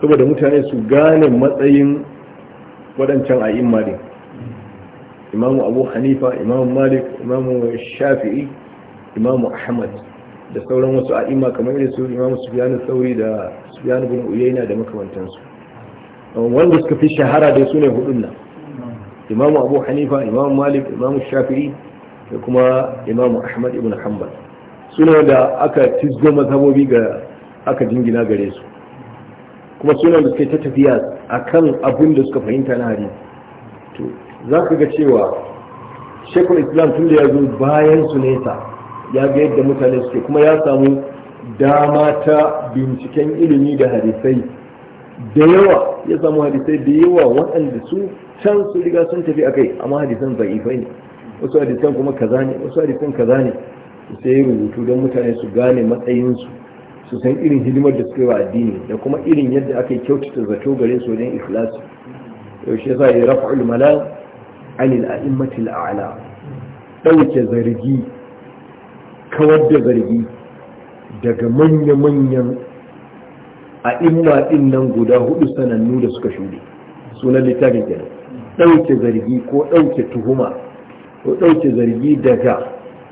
saboda mutane su gane matsayin waɗancan a imma imamu abu hanifa imamu malik imamu shafi'i imamu ahmad da sauran wasu a'imma kamar irin su imam sufyan sauri da sufyan ibn uyayna da makamantansu um, wanda suka fi shahara da sune hudun nan imam abu hanifa imam malik imam shafi'i da kuma imam ahmad ibn hanbal sune da aka tizgo mazhabobi ga aka jingina gare su kuma sune da suke ta tafiya akan abin da suka fahimta na hadisi to za ka ga cewa shekul islam tun da ya zo bayan su nesa ya ga yadda mutane suke kuma ya samu dama ta binciken ilimi da hadisai da yawa ya samu hadisai da yawa waɗanda su can su riga sun tafi a kai amma hadisan za'ifai ne wasu hadisan kuma kaza ne wasu hadisan kaza ne sai ya rubutu don mutane su gane matsayinsu su san irin hidimar da suka yi wa addini da kuma irin yadda aka yi kyautata zato gare su wajen ikhlasi yaushe za a yi rafa'ul malal anil a'immatil a'la ɗauke zargi kawar da zargi daga manya-manyan a imma ɗin nan guda hudu sanannu da suka shuɗe sunan littafin kenan ɗauke zargi ko ɗauke tuhuma ko ɗauke zargi daga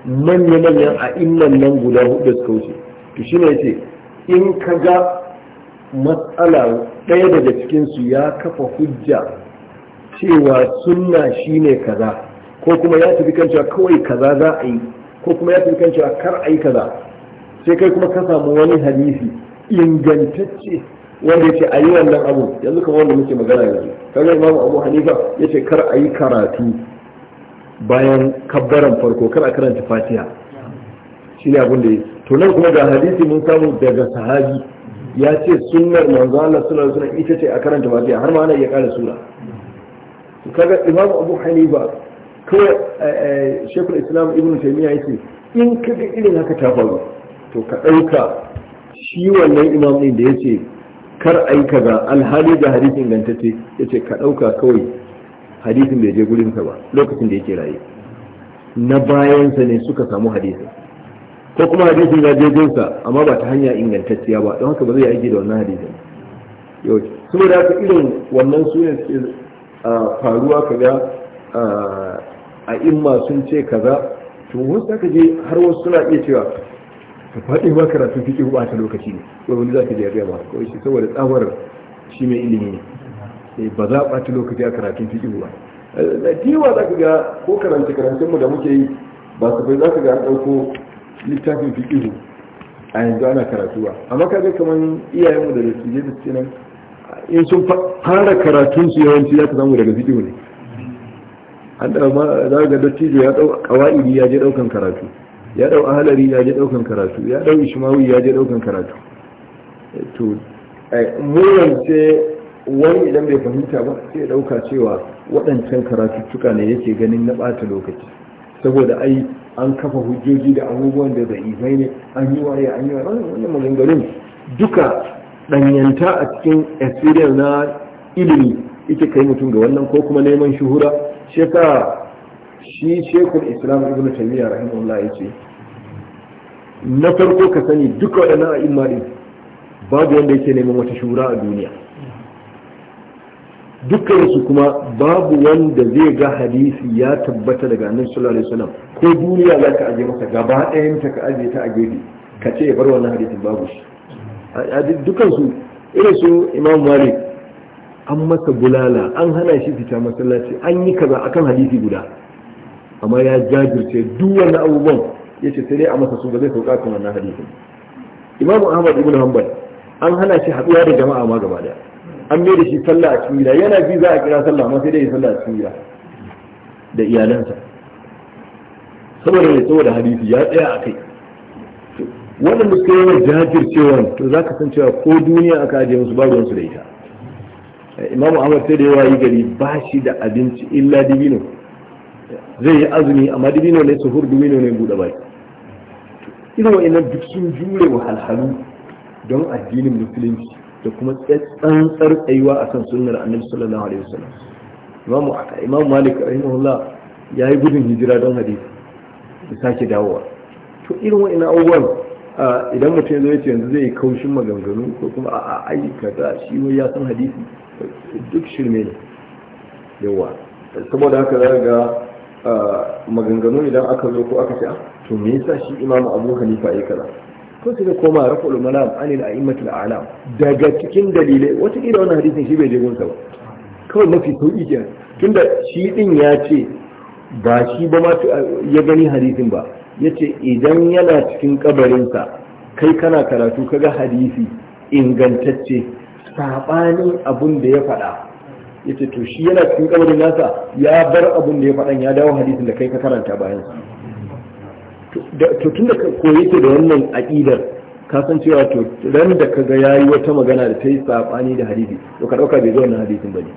manya-manyan a imman nan guda hudu da suka wuce to shi ne ce in ka ga matsala ɗaya daga cikinsu ya kafa hujja cewa sunna shine kaza ko kuma ya tafi kan cewa kawai kaza za a yi ko kuma ya fi kan cewa kar a yi kaza sai kai kuma ka samu wani hadisi ingantacce wanda yace ayi wannan abu yanzu kamar wanda muke magana yanzu kaga imamu abu hanifa yace kar a yi karatu bayan kabbaran farko kar a karanta fatiha ne abin da ya to nan kuma ga hadisi mun samu daga sahabi ya ce sunnar manzo Allah sallallahu alaihi wasallam ita ce a karanta fatiha har ma ana iya kara sura kaga imamu abu hanifa kawai eh, eh, shekul islam ibn taimiyya yake in ka ga irin haka ta faru to ka ɗauka shi wannan imam ɗin da ya ce kar a yi kaza alhali da hadisi ingantacce ya ce ka ɗauka kawai hadisin bai je gurinsa ba lokacin da yake raye na bayansa ne suka samu hadisin ko kuma hadisin ya je gunsa amma ba ta hanya ingantacciya ba don haka ba zai aiki da wannan hadisin yau saboda haka irin wannan su ne suke ah, faruwa kaga ah, a imma sun ce kaza to wasu aka je har wasu suna iya cewa ka faɗi ba karatu fiƙi ba ta lokaci ne ko wani za ka je ya ba ko shi saboda tsawar shi mai ilimi ne eh, ba za a ɓata lokaci a karatun fiƙi ba eh, da tiwa za ka ga ko karance karantun mu da muke yi ba su bai za ka ga an ɗauko littafin fiƙi a yanzu ana karatu ba amma ka ga kamar iyayenmu da da su je da su nan in sun fara karatun su yawanci za ka samu daga fiƙi ne an ɗauka za ga dattijo ya dau kawaidi ya je ɗaukan karatu ya dau ahlari ya je ɗaukan karatu ya dau ishmawi ya je ɗaukan karatu to mu yanzu wani idan bai fahimta ba sai ya ɗauka cewa waɗancan karatuttuka ne yake ganin na ɓata lokaci saboda ai an kafa hujjoji da abubuwan da zai ne an yi waye an yi waye wannan maganganun duka ɗanyanta a cikin experience na ilimi ita kai mutum ga wannan ko kuma neman shuhura sheka shi shekul islam ibn taymiya rahimahullah yace na farko ka sani duka waɗannan a'imma din babu wanda yake neman wata shuhura a duniya dukkansu kuma babu wanda zai ga hadisi ya tabbata daga annabi sallallahu alaihi wasallam ko duniya za ka aje masa gaba ɗayan ta ka aje ta a gefe ka ce bar wannan hadisin babu shi dukkansu irin su imam malik an masa bulala an hana shi fita masallaci an yi kaza akan hadisi guda amma ya jajirce duk wani abubuwan ya ce sai dai a masa su ba zai sauka kan wannan hadisin imamu ahmad ibn hanbal an hana shi haɗuwa da jama'a ma gaba daya an mai da shi sallah a cikin gida yana bi za a kira sallah amma sai dai ya sallah a cikin gida da iyalansa saboda ne saboda hadisi ya tsaya a kai waɗanda suka yi jajircewa to za ka san cewa ko duniya aka ajiye musu babu wansu da ita imamu ahmad sai da yawa yi gari ba shi da abinci illa dibino zai yi azumi amma dibino ne suhur dibino ne buɗe baki irin ina duk sun jure wahalhalu don addinin musulunci da kuma tsantsar tsayuwa a kan sunnar annabi sallallahu alaihi wasallam imamu imamu malik rahimahullah ya yi gudun hijira don hadisi da sake dawowa to irin ina abubuwan idan mutum ya zo ya ce yanzu zai yi kaushin maganganu ko kuma a'a ayyuka da shi ya san hadisi duk shirme ne yawa saboda haka za ga maganganu idan aka zo ko aka ce ah, to me yasa shi imamu abu hanifa ya kaza ko sai da koma rafa'ul malam anil a'immatul a'lam daga cikin dalilai wata kila wannan hadisin shi bai je gunsa ba kawai mafi sauki kenan tunda shi din ya ce ba shi ba ma ya gani hadisin ba yace idan yana cikin kabarinsa kai kana karatu kaga hadisi ingantacce sabani abun da ya faɗa yace to shi yana cikin kabarin nasa ya bar abun da ya faɗan ya dawo hadisin da kai ka karanta bayan to tun da ko yake da wannan aqidar ka san cewa to ran da kaga yayi wata magana da ta yi sabani da hadisi to ka dauka bai zo wannan hadisin bane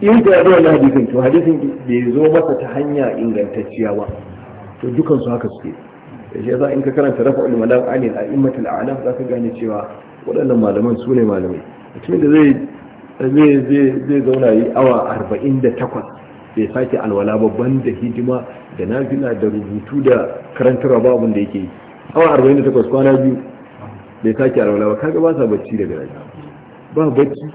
in da ya zo wannan hadisin to hadisin bai zo masa ta hanya ingantacciya ba to dukan su haka suke shi yasa in ka karanta rafa'ul malam anil a'immatul a'lam zaka gane cewa waɗannan malaman su ne malamai cikin da zai zai zauna yi awa arba'in da takwas bai sake alwala babban da hidima da nafila da rubutu da karantarwa babu da yake yi awa arba'in da takwas kwana biyu bai sake alwala ba kaga ba sa bacci daga rana ba bacci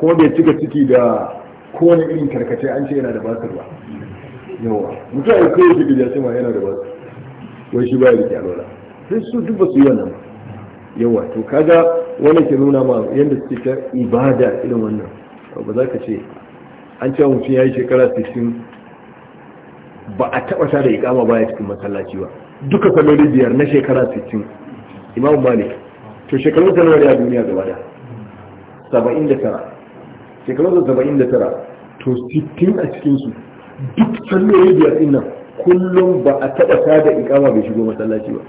kuma bai cika ciki da kowane irin karkace an ce yana da basu ba yawa mutum a kai shi gida ma yana da basu wai shi ba ya rike alwala sai su duk ba su yi wannan ba yawa to kaga wannan ke nuna ma yadda suke ta ibada irin wannan ba za ka ce an cewa mutum ya yi shekara 16 ba a taba sa da ikama baya cikin masallaci ba duka da biyar na shekara 16 imam malik to shekarun ta nawa a duniya gaba da 79 shekarun ta 79 to 60 a cikin su duk saloli biyar din nan kullum ba a taba sa da ikama bai shigo masallaci ba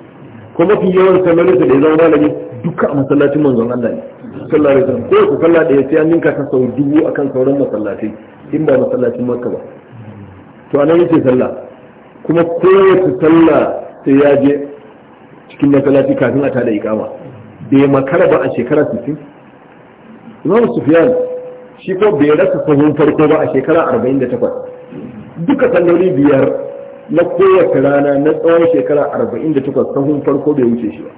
ko mafi yawan sallolin da ya zama malami duka a masallacin manzon Allah ne sallallahu alaihi wasallam ko ku kalla da ya sai an ninka ta sau dubu akan sauran masallatai in ba masallacin Makka ba to anan yace sallah kuma kowace sallah sai ya je cikin masallaci kafin a tada ikama bai makara ba a shekara 60 Imam Sufyan shi ko bai rasa sahun farko ba a shekara 48 duka sallori biyar na kowace rana na tsawon shekara arba'in da takwas sahun farko bai wuce shi ba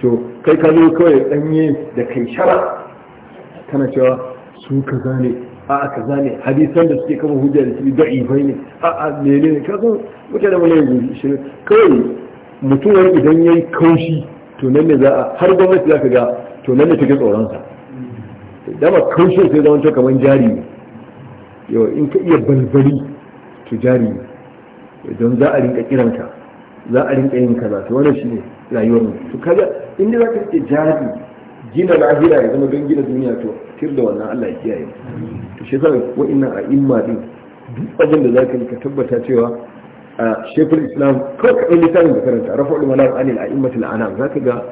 to kai ka zo kawai danye da kai shara kana cewa su ka zane a aka zane hadisan da suke kama hujja da su bai ne a a mene ne ka san da mana yanzu shi kawai mutuwar idan ya yi kaushi to nan ne za a har gwamnati za ka ga to nan ne take tsoronsa dama kaushin sai zama kamar jari ne yau in ka iya balbali tujari don za a rinka kiranta za a rinka yin kaza to wannan shine rayuwar mu to kaga inda za ka rike jari gina lahira ya zama don gina duniya to tir da wannan Allah ya kiyaye to shi inna a imma din duk abin da za ka yi ka tabbata cewa a shekul islam kawai yi littafin da karanta rafa ulama na anil a til anam za ka ga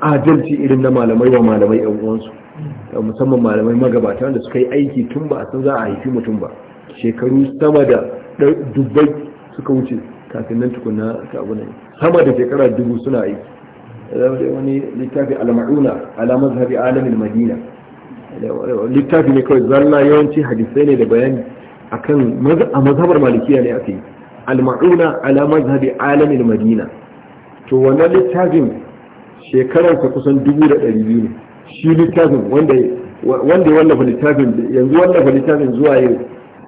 adalci irin na malamai wa malamai yan uwansu musamman malamai magabata wanda suka yi aiki tun ba a san za a haifi mutum ba shekaru sama da dubbai suka wuce kafin nan tukuna ta abu nan sama da shekara dubu suna aiki wani littafi al-ma'una ala mazhabi alamin madina littafi ne kawai zalla yawanci hadisai ne da bayani akan a mazhabar malikiya ne ake yi al-ma'una ala mazhabi alamin madina to wannan littafin shekararsa kusan dubu da ɗari biyu ne shi littafin wanda ya wallafa littafin yanzu wallafa littafin zuwa yau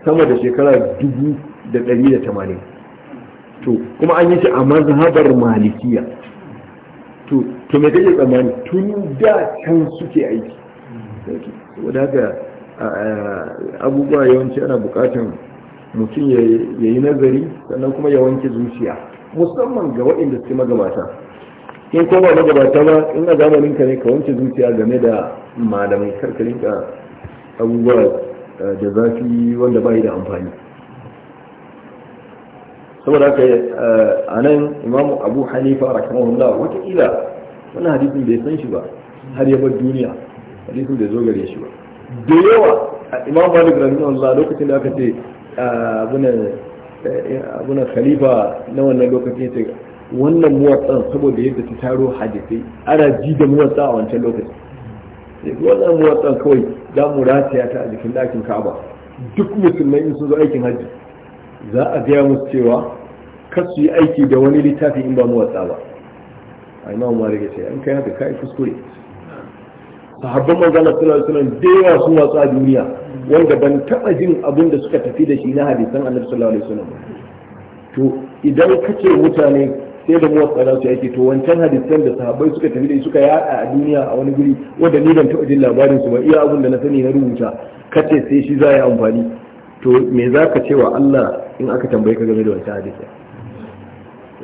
sama da shekara dubu da ɗari da tamanin to kuma an yi shi a mazhabar malikiya to to me kake tsammani tun da can suke aiki saboda haka abubuwa yawanci ana bukatan mutum ya yi nazari sannan kuma ya wanke zuciya musamman ga waɗanda suke magabata in ko ba magabata ba in a zamanin ka ne ka wanke zuciya game da malamai karkarin ka abubuwa Eh, da zafi wanda bai da amfani saboda haka eh, a nan imamu abu hanifa rahimahullah watakila wani hadisun bai san shi ba har ya bar duniya hadisun bai zo gare shi ba da yawa imam malik rahimahullah lokacin da aka ce eh, abunan khalifa na wannan lokacin ce wannan muwatsan saboda yadda ta taro hadisai ana ji da muwatsa a wancan lokacin wannan muwatsan kawai za mu rataya ta a jikin ɗakin ka'aba duk musulmai in sun zo aikin hajji za a gaya musu cewa kar su yi aiki da wani littafi in ba mu watsa ba a imam mu ya ce an kai haka kai kuskure sahabban manzala sallallahu alaihi wasallam da yawa sun watsa a duniya wanda ban taba jin abin da suka tafi da shi na hadisan annabi sallallahu alaihi wasallam to idan kace mutane sai da muwa tsara su yake to wancan hadisan da sahabbai suka tafi da suka yada a duniya a wani guri wanda ni ban taɓa jin labarin su ba iya abin da na sani na rubuta kace sai shi za ya amfani to me za ka ce wa Allah in aka tambaye ka game da wancan hadisi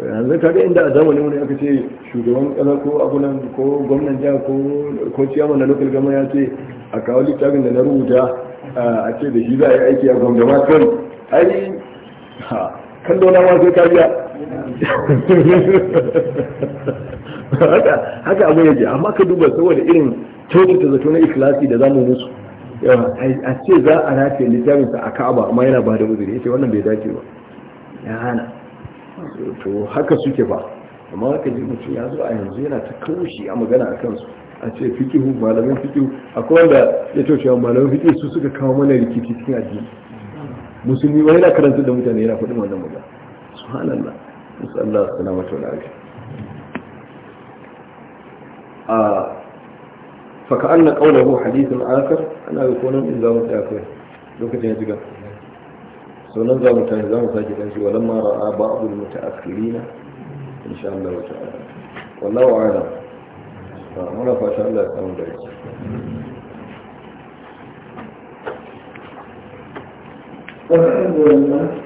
yanzu ga inda a zamanin wani aka ce shugaban kasa ko nan ko gwamnan jiha ko ciyaman na local gama ya ce a kawo littafin da na rubuta a ce da shi za a yi aiki a gwamnati kan ai kallo na ma sai ka biya haka abu yake amma ka duba saboda irin ta zato na ikilasi da zamu musu a ce za a rafe littafin sa a Ka'aba amma yana ba da uzuri yace wannan bai dace ba ya hana to haka suke ba amma haka ji mutum ya zo a yanzu yana ta kaushi a magana a kansu a ce fikihu malamin fikihu akwai wanda ya ce cewa malamin fikihu su suka kawo mana rikici cikin addini musulmi wani yana karanta da mutane yana faɗin wannan magana subhanallah نسأل الله السلامة والعافية آه فكأن قوله حديث آخر أنا يكون إلا متأخر لو كنت يجب سننزع متنزع ساجدا ولما رأى بعض المتأخرين إن شاء الله تعالى والله أعلم فأنا فأشاء الله يكون ذلك والحمد لله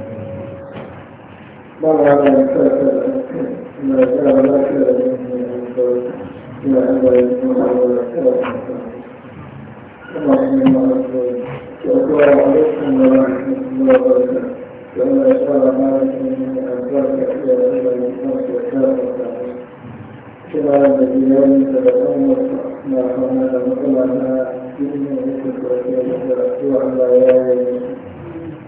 مرة من ثلاثة ما جاء لك إلى أن يكون عليكم ورحمة الله وبركاته وما شاء مالك من أبوابك إلى أن يكون كما الذين تبعون ما حمل مقلنا بإذن الله وعلى آله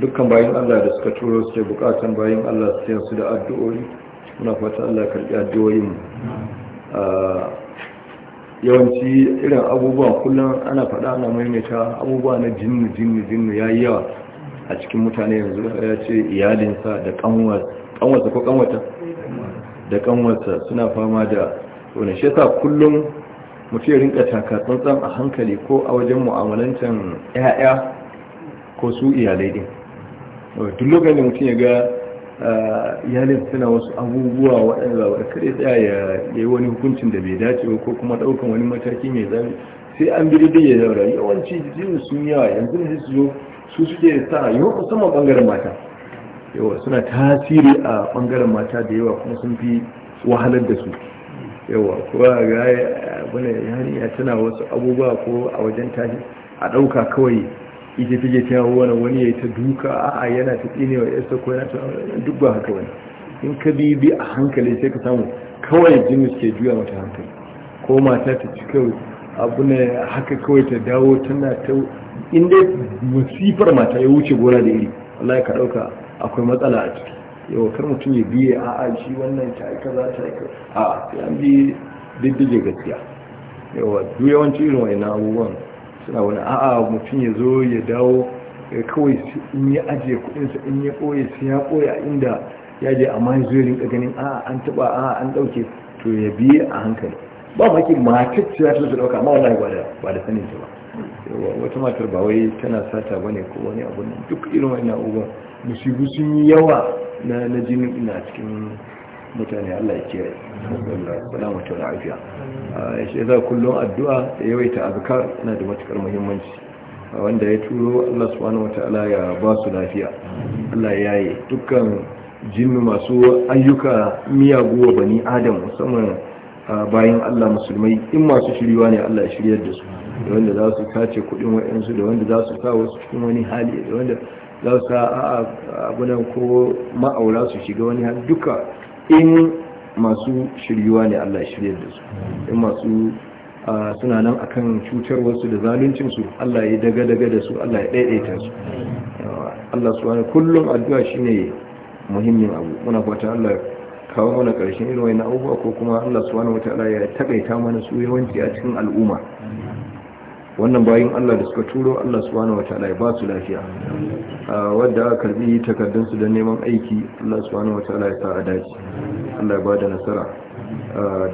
dukkan bayan Allah da suka turo suke bukatan bayan Allah su su da addu'o'i muna fata Allah karɓi addu'o'in ah, yawanci irin abubuwan kullum ana faɗa ana maimaita abubuwa na jinnu jinnu jinnu ya yi yawa a cikin mutane yanzu ya ce iyalinsa da ƙanwarsa kanwata suna fama da to shi yasa kullum mutu ya rinka taka tsantsan a hankali ko a wajen mu'amalantan ƴaƴa ko su iyalai din duk lokacin da mutum ya ga iyalin suna wasu abubuwa waɗanda ba kare tsaya ya yi wani hukuncin da bai dace ko kuma ɗaukan wani mataki mai zafi sai an bi dai ya zaura yawanci jin sun yawa yanzu ne su zo su suke sa yawa musamman ɓangaren mata yawa suna tasiri a ɓangaren mata da yawa kuma sun fi wahalar da su yawa kuwa ga abin da ya tana wasu abubuwa ko a wajen tashi a ɗauka kawai ita take ta wani wani ya ta duka a yana ta tsine wa yasa ko yana ta duk ba haka wani in ka bi bi a hankali sai ka samu kawai jini ke juya mata hankali ko mata ta ci kawai abin da haka kawai ta dawo tana ta inda musifar mata ya wuce gona da iri ya ka ɗauka akwai matsala a ciki yau kar mutum ya biye a aji shi wannan ta aika za ta aika a sai bi diddige gaskiya yawa duk yawanci irin wa'ina abubuwan suna wani a a mutum ya zo ya dawo kawai in ya ajiye kudinsa in ya koya sai ya koya inda ya je amma ya zo ya rinka a an taba a an dauke to ya biye a hankali ba ma ki matar ta dauka ma wallahi ba da ba da sanin ta ba wata matar ba wai tana sata bane ko wani abu nan duk irin wannan uba musibu sun yi yawa na na ina cikin mutane Allah ya kiyaye salamu ta lafiya shi za kullum addu'a da yawaita azkar yana da matukar muhimmanci ah, wanda ya turo Allah subhanahu wataala ya ba su lafiya Allah ya yi dukkan jinnu masu ayyuka miyagowa bani adam musamman bayan Allah musulmai in masu shiriwa ne Allah ya shiryar da su da wanda za su kace kudin wayansu da wanda za su kawo su cikin wani hali da wanda za su sa abunan ko ma'aura su shiga wani hali duka in masu shiryuwa ne Allah ya shiryar da su in masu suna nan akan wasu da zaluncinsu Allah ya daga-daga da su Allah ya ɗaiɗaita su Allah su wani kullum addu'a shine muhimmin abu muna fata Allah kawo mana ƙarshen irin wani abubuwa ko kuma Allah wani wataala ya takaita mana su yawanci a cikin al'umma wannan bayan Allah da suka turo Allah wani wataala ya ba su lafiya wadda aka karbi takardun su da neman aiki Allah wani wataala ya sa a daji Allah ya ba da nasara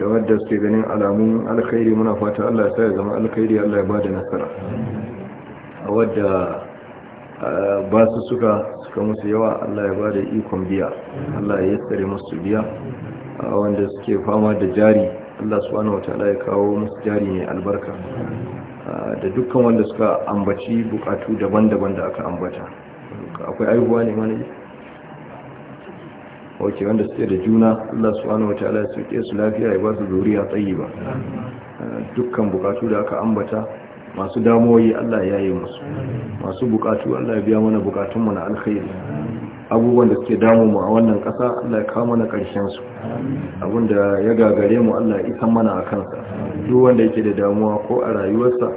da wadda suke ganin alamun alkhairi muna fata Allah ya sa ya zama alkhairi Allah ya ba da nasara a wadda ba su suka suka musu yawa Allah ya bada ikon biya Allah ya tsare musu biya a wanda suke fama da jari Allah subhanahu wataala ya kawo musu jari ne albarka da dukkan wanda suka ambaci bukatu daban-daban da aka ambata akwai aihuwa ne mana wace wanda suke da juna Allah subhanahu wataala ya sauke su lafiya ya ba su zuriya tsayi ba dukkan bukatu da aka ambata masu damoyi Allah ya yi musu masu bukatu Allah ya biya mana bukatunmu na alkhairi abubuwan da suke damu mu a wannan kasa Allah ya kawo mana karshen su abinda ya gagare mu Allah ya isa mana a kansa duk wanda yake da damuwa ko a rayuwarsa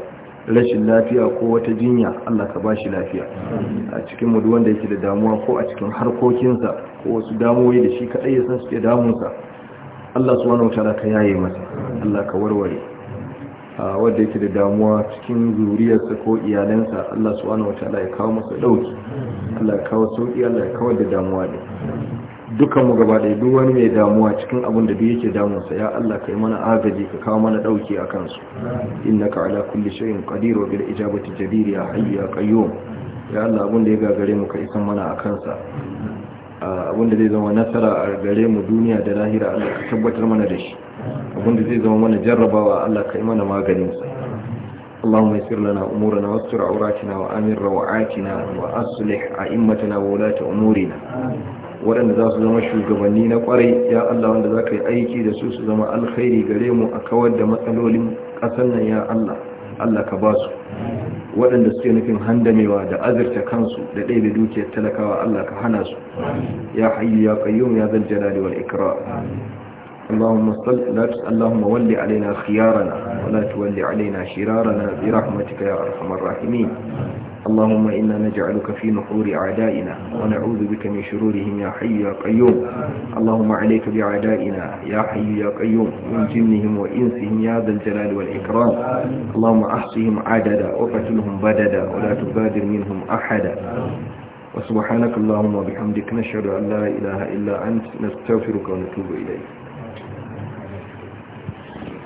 rashin lafiya ko wata jinya Allah ka bashi lafiya a cikin mu duk wanda yake da damuwa ko a cikin harkokinsa ko wasu damoyi da shi kadai ya san suke damunsa Allah subhanahu wataala ka yaye masa Allah ka warware wanda yake da damuwa cikin zuriyarsa ko iyalansa Allah subhanahu wataala ya kawo masa dauki Allah ya kawo sauki Allah ya kawo da damuwa ne dukan mu gaba duk wani mai damuwa cikin abin da yake damunsa ya Allah kai mana agaji ka kawo mana dauki a kansu innaka ala kulli shay'in qadir wa bil ijabati jadir ya hayy ya qayyum ya Allah abin da ya gagare mu kai san mana a kansa abin da zai zama nasara a gare mu duniya da lahira Allah ka tabbatar mana da shi abinda zai zama mana jarrabawa Allah ka yi mana maganinsa اللهم wa لنا أمورنا wa عوراتنا وآمن روعاتنا وأصلح أئمتنا وولاة أمورنا waɗanda za su zama shugabanni na ƙwarai ya Allah wanda za ka yi aiki da su su zama alkhairi gare mu a kawar da matsalolin ƙasar nan ya Allah Allah ka ba su waɗanda suke nufin handamewa da azurta kansu da ɗaya da dukiyar talakawa Allah ka hana su ya hayyu ya qayyum ya zal jalali wal ikram اللهم صل لا اللهم ول علينا خيارنا ولا تول علينا شرارنا برحمتك يا أرحم الراحمين اللهم إنا نجعلك في نحور أعدائنا ونعوذ بك من شرورهم يا حي يا قيوم اللهم عليك بأعدائنا يا حي يا قيوم من جنهم وإنسهم يا ذا الجلال والإكرام اللهم أحصهم عددا وقتلهم بددا ولا تبادر منهم أحدا وسبحانك اللهم وبحمدك نشهد أن لا إله إلا أنت نستغفرك ونتوب إليك